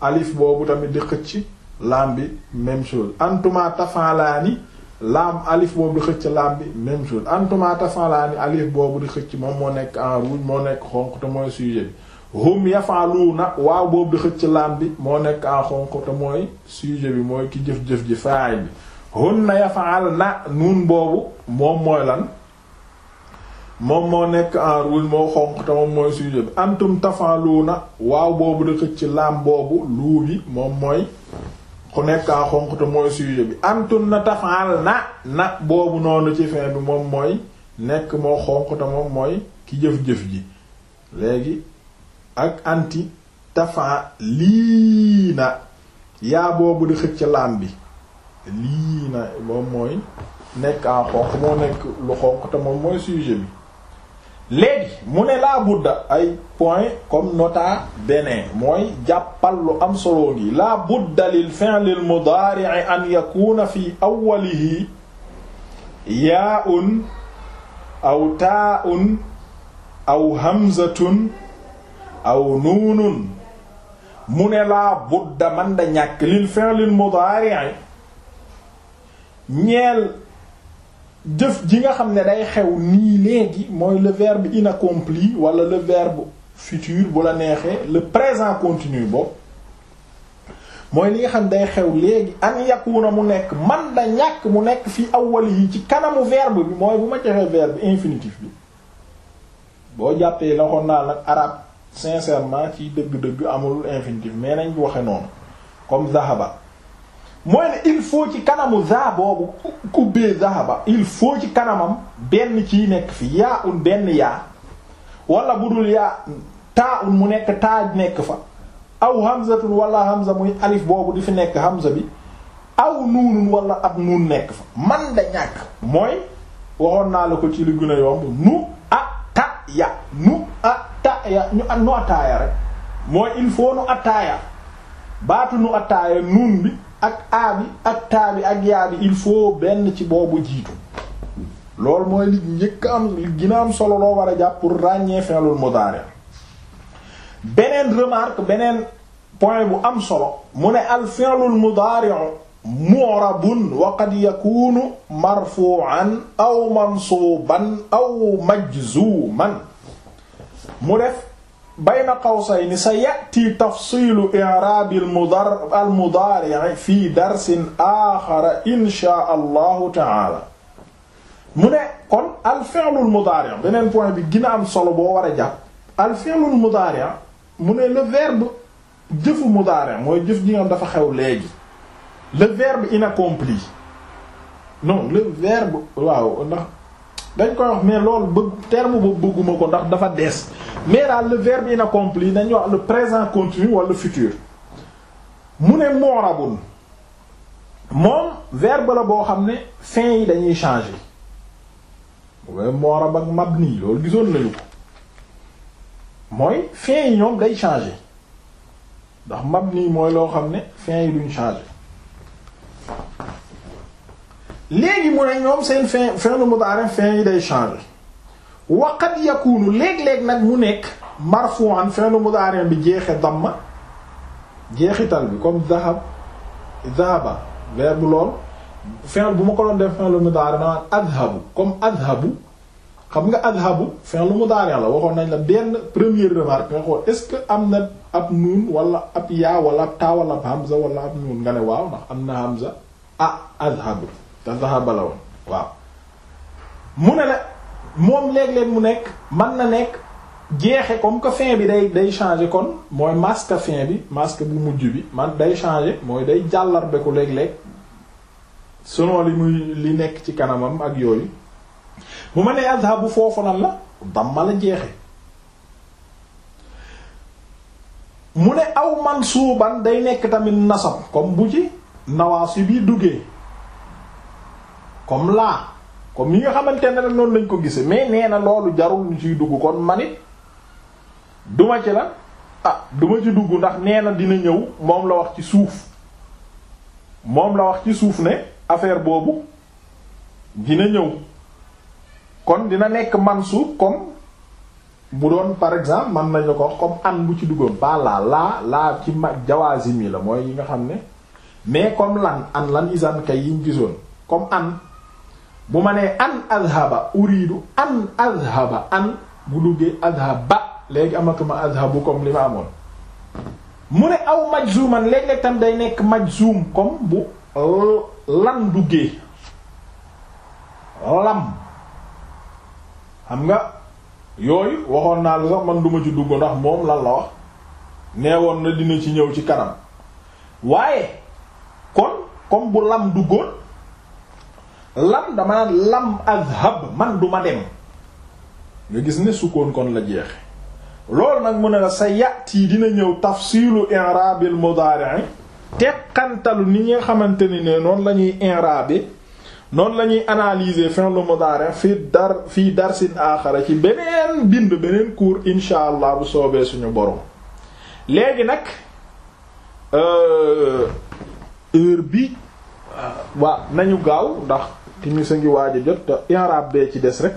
alif boobu tamit di xëcc laam bi même chose antuma tafalaani laam alif boobu di xëcc laam bi même chose antuma tafalaani alif boobu di xëcc moom moo nekk en rouge moo nekk xonq te mooy sujet bi hum yafaluuna waaw boobu di xëcc lam bi moo nekk en xonq te mooy sujet bi mooy ki jëf-jëf ji faay bi hun na yafaal na nuun boobu moom mooy lan moom moo nekk en rouge xonq te mooy sujet bi antum tafaluuna waaw boobu di xëcc nekk en xonq te bi antum na tafaal na na boobu noonu ci fin bi moom mooy nekk moo xonq te moom mooy ki jëf-jëf ji léegi ak anti tafa lii na yaa boobu di xëcc laam bi lii na moom mooy nekk en xonq moo nekk lu xonq te mooy sujet bi léegi mu ne laa budda ay point comme nota bene mooy jàppal lu am solo gi laa budda lil fi'l al mudari' an yakuna fi awwalihi yaa'un aw taa'un aw hamzatun aw nuunun mu ne laa budda man da ñàkk lil fi'lil mudari' ñeel jëf ji nga xam ne day xew nii léegi mooy bi verbe inaccompli wala le verbe futur bu la neexee le présent continu boobu mooy li nga xam day xew léegi an yakuna mu nekk man da ñàkk mu nekk fii awwal yi ci kanamu verbe bi mooy bu ma joxee verbe infinitif boo jàppee la naa nag arab sincèrement ci dëgg-dëgg amul infinitif mais nañ waxe noonu comme zahaba mooy ne il faut ci kanamu za boobu kubbee zahaba il faut ci kanamam benn ciy nekk fi yaa un benn yaa wala bu dul yaa taa un mu nekk taa nekk fa aw hamzatun wala hamza muy alif boobu di fi nekk hamza bi aw nuunun wala ab nuun nekk fa man da ñàkk mooy waxoon naa la ko ci li gën a yomb nu a ta ya nu ya ñu an nu attaaya rek mooy il faut nu attaaya baatu nu attaaya nuun bi ak aa bi ak taa ak yaa il faut benn ci boobu jiitu loolu mooy li njëkk am li solo loo war a jàpp pour ràññee fi'lul mudaari beneen remarque beneen point bu am solo mu ne al fi'lul mudaari mu'rabun wa qad yakunu marfu'an aw mansuuban aw majzuuman mu def bayna qawsayni sa yati tafsilu i'rabi al mudaari' fi darsin aaxara inshaa allahu taala mu ne kon al fi'lul mudaari' beneen point bi gën am solo boo war a jàpp al fi'lul mudaari' mu ne le verbe jëfu mudaari' mooy jëf ji nga dafa xew léegi le verbe inaccompli non le verbe waaw ndax dañ koy wax mais loolu bëgg terme boobu bëgguma ko ndax dafa dees mais daal le verbe inaccompli dañuy wax le présent continu wala le mu ne moorabun moom verbe la boo xam ne fin yi dañuy changer waaye moorab ak mabni loolu gisoon nañu ko mooy fin yi ñoom day changer ndax mabni mooy loo xam ne fin yi duñ changer léegi mu ne ñoom seen fin fin lu mu daare fin yi day changer wa qad yakunu léeg-léeg nag mu nekk marfu'an fi'lu mudari bi jeexe damma jeexital bi comme dhahab dhahaba verbe lool fi'l bu ma ko doon def fi'lu mudari adhabu comme adhabu xam nga adhabu fi'lu mudari la waxoon nañ la benn première remarque nga xool est-ce que am na ab nuun wala ab yaa wala ab taa wala ab hamza wala ab nuun nga ne waaw ndax am na hamza ah adhabu te dhahaba la waaw mu ne la moom léeg leen mu nekk man na nekk jeexe comme que fin bi day day changer kon mooy masque fin bi masque bu mujj bi man day changer mooy day jàllarbeeku léeg-léeg selon li muy li nekk ci kanamam ak yooyu bu ma nee azhabu foofu nan la damma la jeexe mu ne aw man mansuuban day nekk tamit nasab comme bu ci nawaasi bi duggee comme laa comme yi nga xamante ne nag noonu lañ ko gise mais nee na loolu jarul ñu ciy dugg kon manit duma ci la ah duma ci dugg ndax nee na dina ñëw moom la wax ci suuf moom la wax ci suuf ne affaire boobu dina ñëw kon dina nekk mansuub comme bu doon par exemple man nañu ko comme an bu ci duggoon balaa laa laa ci ma jawaazim yi la mooy yi nga xam ne mais comme lan an lan isan kay yiñ gisoon comme an bu ma nee an adhaba uridu an adhaba an bu duggee ba léegi amatuma adhabu comme li ma amoon mu ne aw majzuman léeg-léeg tam day nekk majzum comme bu lan duggee lam xam nga yooyu waxoon naa la sax man duma ci dugg ndax moom lan la wax nee woon na dina ci ñëw ci kanam waaye kon comme bu lam duggoon lam dama naan lam azhab man du ma dem nga gis ne sukkoon kon la jeexe loolu nag mu ne la sa yàtti dina ñëw tafsilu i'rabil mudari' teqantalu ni ñi nga xamante ni ne noonu lañuy ñuy i'rabe noonu la ñuy analyser fi'l mudari' dar fii darsin aaxara ci beneen bind beneen cours insha allah bu soobee suñu borom léegi nag euh, heure bi waa nañu gaaw ndax timis a ngi waaj jot te bee ci des rek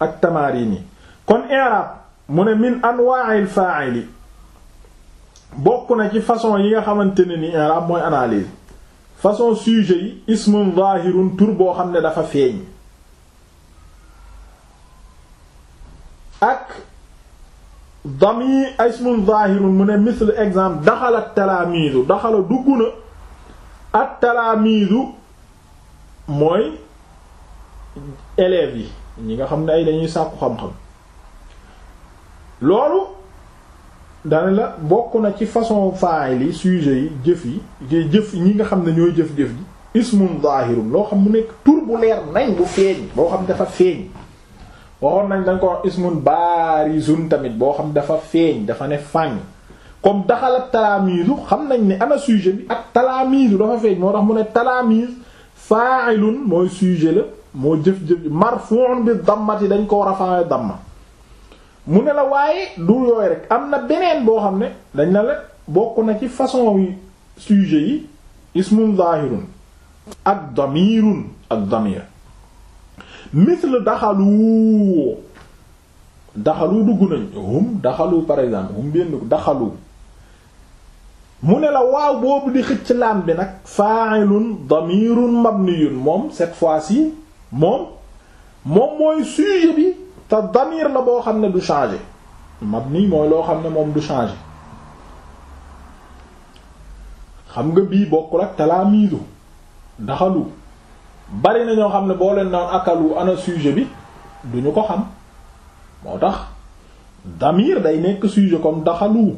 ak tamarin yi kon i'rab mu ne min anwa'il fa'ili bokk na ci façon yi nga xamante ne ni i'rab mooy analyse façon sujet yi ismun zahirun tur boo xam ne dafa feeñ ak dami ismun zahirun mu ne misle exemple daxala at-talamizu daxala dugg na at-talamizu mooy élèves yi ñi nga xam ne ay dañuy sàkku xam-xam loolu dana la bokk na ci façon faay li sujet yi jëf yi ngay ñi nga xam ne ñooy jëf-jëf ji ismun zahirum loo xam mu nekk tur bu leer nañ bu feeñ boo xam dafa feeñ waxoon nañ dañ ko wax ismun barizun tamit boo xam dafa feeñ dafa ne fànn comme daxal ak talaamiisu xam nañ ne ana sujet bi ak talaamiisu dafa feeñ moo tax mu ne talaamiis fa'ilun mooy sujet la moo jëf-jëf marfu'un bi yi dañ ko war a rafa'e damma mu ne la waaye du yooyu rek am na beneen boo xam ne dañ na la bokk na ci façon yi sujet yi ismun zahirun ak damirun ak damir misle daxalu daxalu dugg nañ hum daxalu par exemple hum benn daxalu mu ne la waaw boobu di xëcc laam bi nag fa'ilun damirun mabniyun moom set fois-ci moom moom mooy sujet bi te damir la boo xam ne du changer mabni mooy loo xam ne moom du changer xam nga bii bokkul ak talaamiidu daxalu bari na ñoo xam ne boo leen naan akalu ana sujet bi duñu ko xam moo tax damir day nekk sujet comme daxalu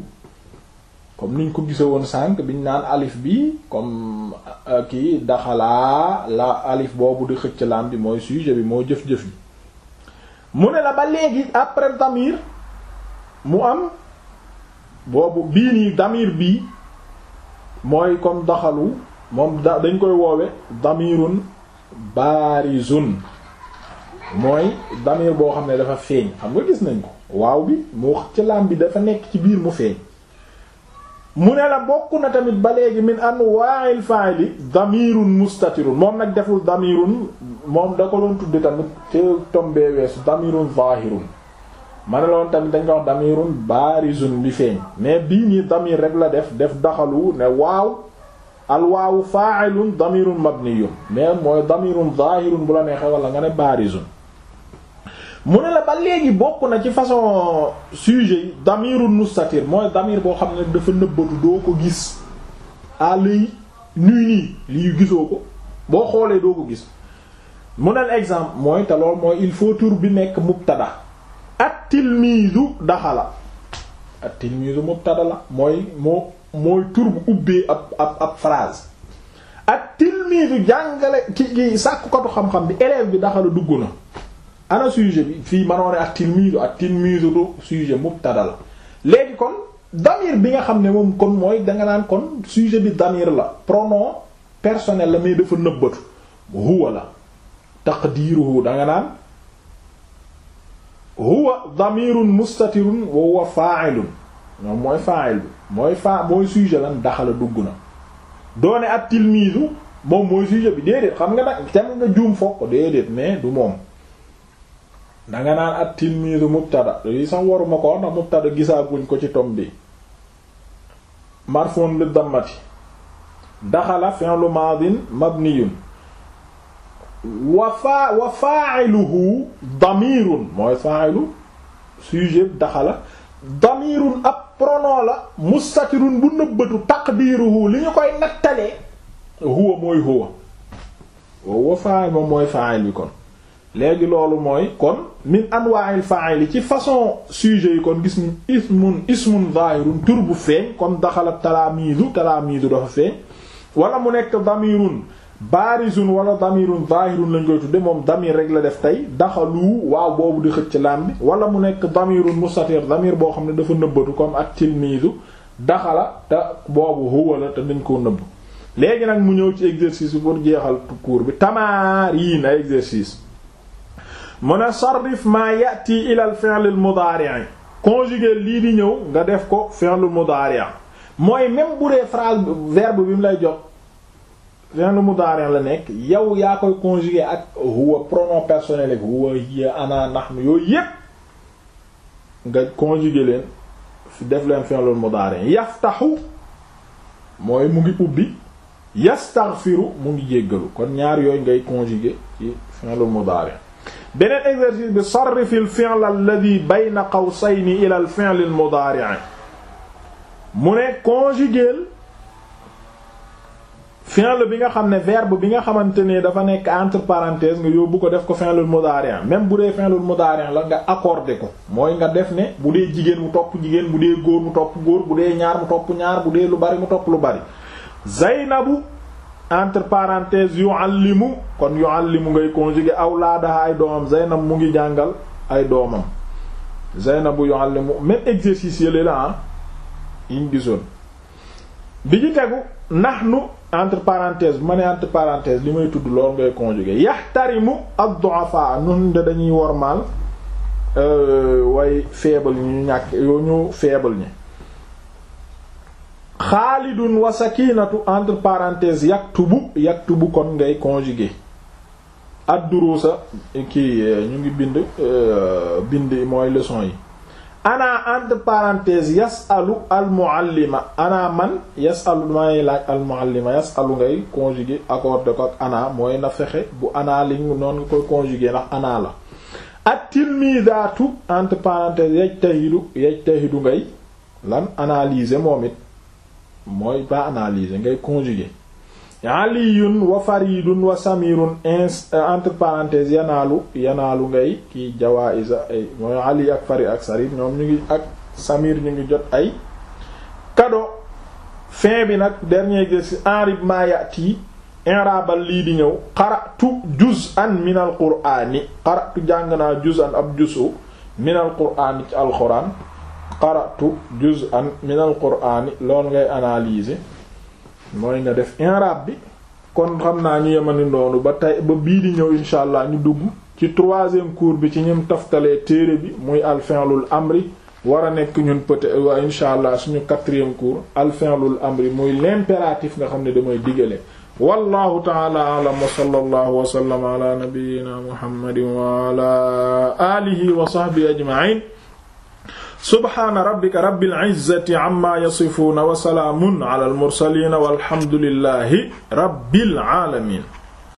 comme niñ ko gise woon sànq ñu naan alif bi comme euh, kii daxalaa la alif boobu di xëcc lam bi mooy sujet bi mooy jëf-jëf yi mu ne la ba léegi après damir mu am boobu bii nii damir bii mooy comme daxalu moom da dañ koy woowe damirun barizun mooy damir boo xam ne dafa feeñ xam nga gis nañ ko waaw bi mu xëcc laam bi dafa nekk ci biir mu feeñ mu ne la bokk na tamit ba léegi min anwa'il fa'ili damirun mustatirun moom nag deful damirun moom da ko tamit ci tombee weesu damirun zahirun ma ne loon tamit dañ ko wax damirun barizun bi feeñ mais bii nii damir rek la def def daxalu ne waaw al waawu fa'ilun damirun mabniyun mais mooy damirun zahirun bu la neexee wala nga ne barizun mu ne la ba léegi bokk na ci façon sujet yi damiru nustatir mooy damir boo xam ne dafa nëbbatu doo ko gis à yi nu nii lii gisoo ko boo xoolee doo ko gis mu ne exemple mooy te lool mooy il faut tur bi nekk mubtada at tilmizu daxala at tilmizu mubtada la mooy moo mooy tur bu ubbee ab ab phrase at tilmizu jàngale ki ki sàkkukatu xam-xam bi élève bi daxala dugg na ana sujet bi fii manoon ne at-tilmiizu at-tilmiizu du sujet mubtada la léegi kon damir bi nga xam ne moom kon mooy danga naan kon sujet bi damir la pronom personnel la mais dafa nëbbatu huwa la taqdiiruhu danga naan huwa damirun mustatirun wa huwa fa'ilun mooy fa'il bi mooy fa mooy lan daxala dugg na doone ak tilmiizu moom mooy sujet bi déedéet xam nga nag tam nga juum foog déedéet mais du moom danga naan at tilmiidu mubtada yi sax waruma ko ndax mubtada gisaaguñ ko ci tom bi marfon daxala fi'lu mabniyun wa faa wa damirun mooy fa'ilu sujet daxala damirun ab pronom la mustatirun bu nëbbatu taqdiruhu li ñu koy nattalee huwa mooy huwa wa fa'il mooy fa'il bi kon léegi loolu mooy kon min anwa'il yi ci façon sujet yi kon gis ni ismun ismun zahirun tur bu feeñ comme daxala talaamiidu talaamiidu dafa feeñ wala mu nekk damirun baarizun wala damirun zahirun lañ koy tudde moom damir rek la def tey daxalu waaw boobu di xëcc lam bi wala mu nekk damirun mustatir damir boo xam ne dafa nëbbatu comme ak tilmiidu daxala te boobu huwa la te dañ koo nëbb léegi nag mu ñëw ci exercice bi pour jeexal cours bi tamaar yi na exercice mu a sarrif maa yati ila al fi'l al mudari' conjugué lii di ñëw nga def ko fi'l mudari' mooy même bu dee phrase verbe bi mu lay jox fi'l mudari' la nekk yow yaa koy conjugué ak huwa pronom personnel ak huwa hiya ana nahnu yooyu yépp nga conjugué leen def leen fi'l mudari' yaftahu mooy mu ngi ubbi yastaghfiru mu ngi jéggalu kon ñaar yooyu ngay conjugué ci fi'l mudari' beneen exercice bi sarrif al fi'l alladhi bayna qawsayni ila al fi'l al mudari' mu ne conjuguer fi'l bi nga xam ne verbe bi nga xamante ne dafa nekk entre parenthèses nga yóbbu ko def ko fi'l al mudari' même bu dee fi'l al mudari' la nga accorder ko mooy nga def ne bu dee jigéen mu topp jigéen bu dee góor mu topp góor bu dee ñaar mu topp ñaar bu dee lu bari mu topp lu bari Zaynabu entre parenthèses yu'allimu kon yu'allimu ngay conjugué awlaadaha ay doomam Zaynab mu ngi jàngal ay doomam Zaynabu yu'allimu même exercice yële la ah yiñ gisoon bi ñu tegu nahnu entre parenthèses bu ma ne entre li may tudd lool ngay conjugué yahtarimu ad-du'afa nun de dañuy wormaal euh, way faible ñu ñàkk yoo ñu feebal ñi xaalidun wa sakinatu entre parenthèses yaktubu yaktubu kon ngay conjuguer ad-durusa kii euh, ñu ngi bind euh, bind mooy leçon yi ana entre parenthèses yasalu almuallima ana man yasalu may laaj almuallima yasalu ngay conjuguer accordé ko ak ana mooy na fexe bu ana li noonu nga koy conjuguer ndax ana la at-tilmidatu entre parenthèses yajtahidu yajtahidu ngay lan analyser moom it mooy pas analyser ngay conjuguer aliyun wa faridun wa samirun ins euh, entre yanaalu yanaalu ngay kii jawaïsa ay mooy ali ak farid ak sarir ñoom ñu ngi ak samir ñu ngi jot ay kado fin bi nag dernier ci enrib ma yati inrabal lii di ñëw qara'tu juz'an min al qur'ani qara'tu jàng naa juz'an ab juzu min al qur'ani ci alxuraan qara'tu juz'an min al qur'ani loolu ngay analyser mooy nga def inrab bi kon xam naa ñu yemani noonu ba tey ba bii di ñëw insha allah ñu dugg ci troisième cours bi ci ñim taftalee téere bi muy al fi'lul amri war a nekk ñun peut-être insha allah suñu quatrième cours al fi'lul amri muy l'impératif nga xam ne damay digale wallahu taala alam wa sallallahu wa sallam ala nabiyyina muhammadin wa ala wa sahbihi ajma'in subhaana rabbika rabbil izzati amma yasifuuna wa salaamun ala al mursaliin walhamdulillahi rabbil aalamiin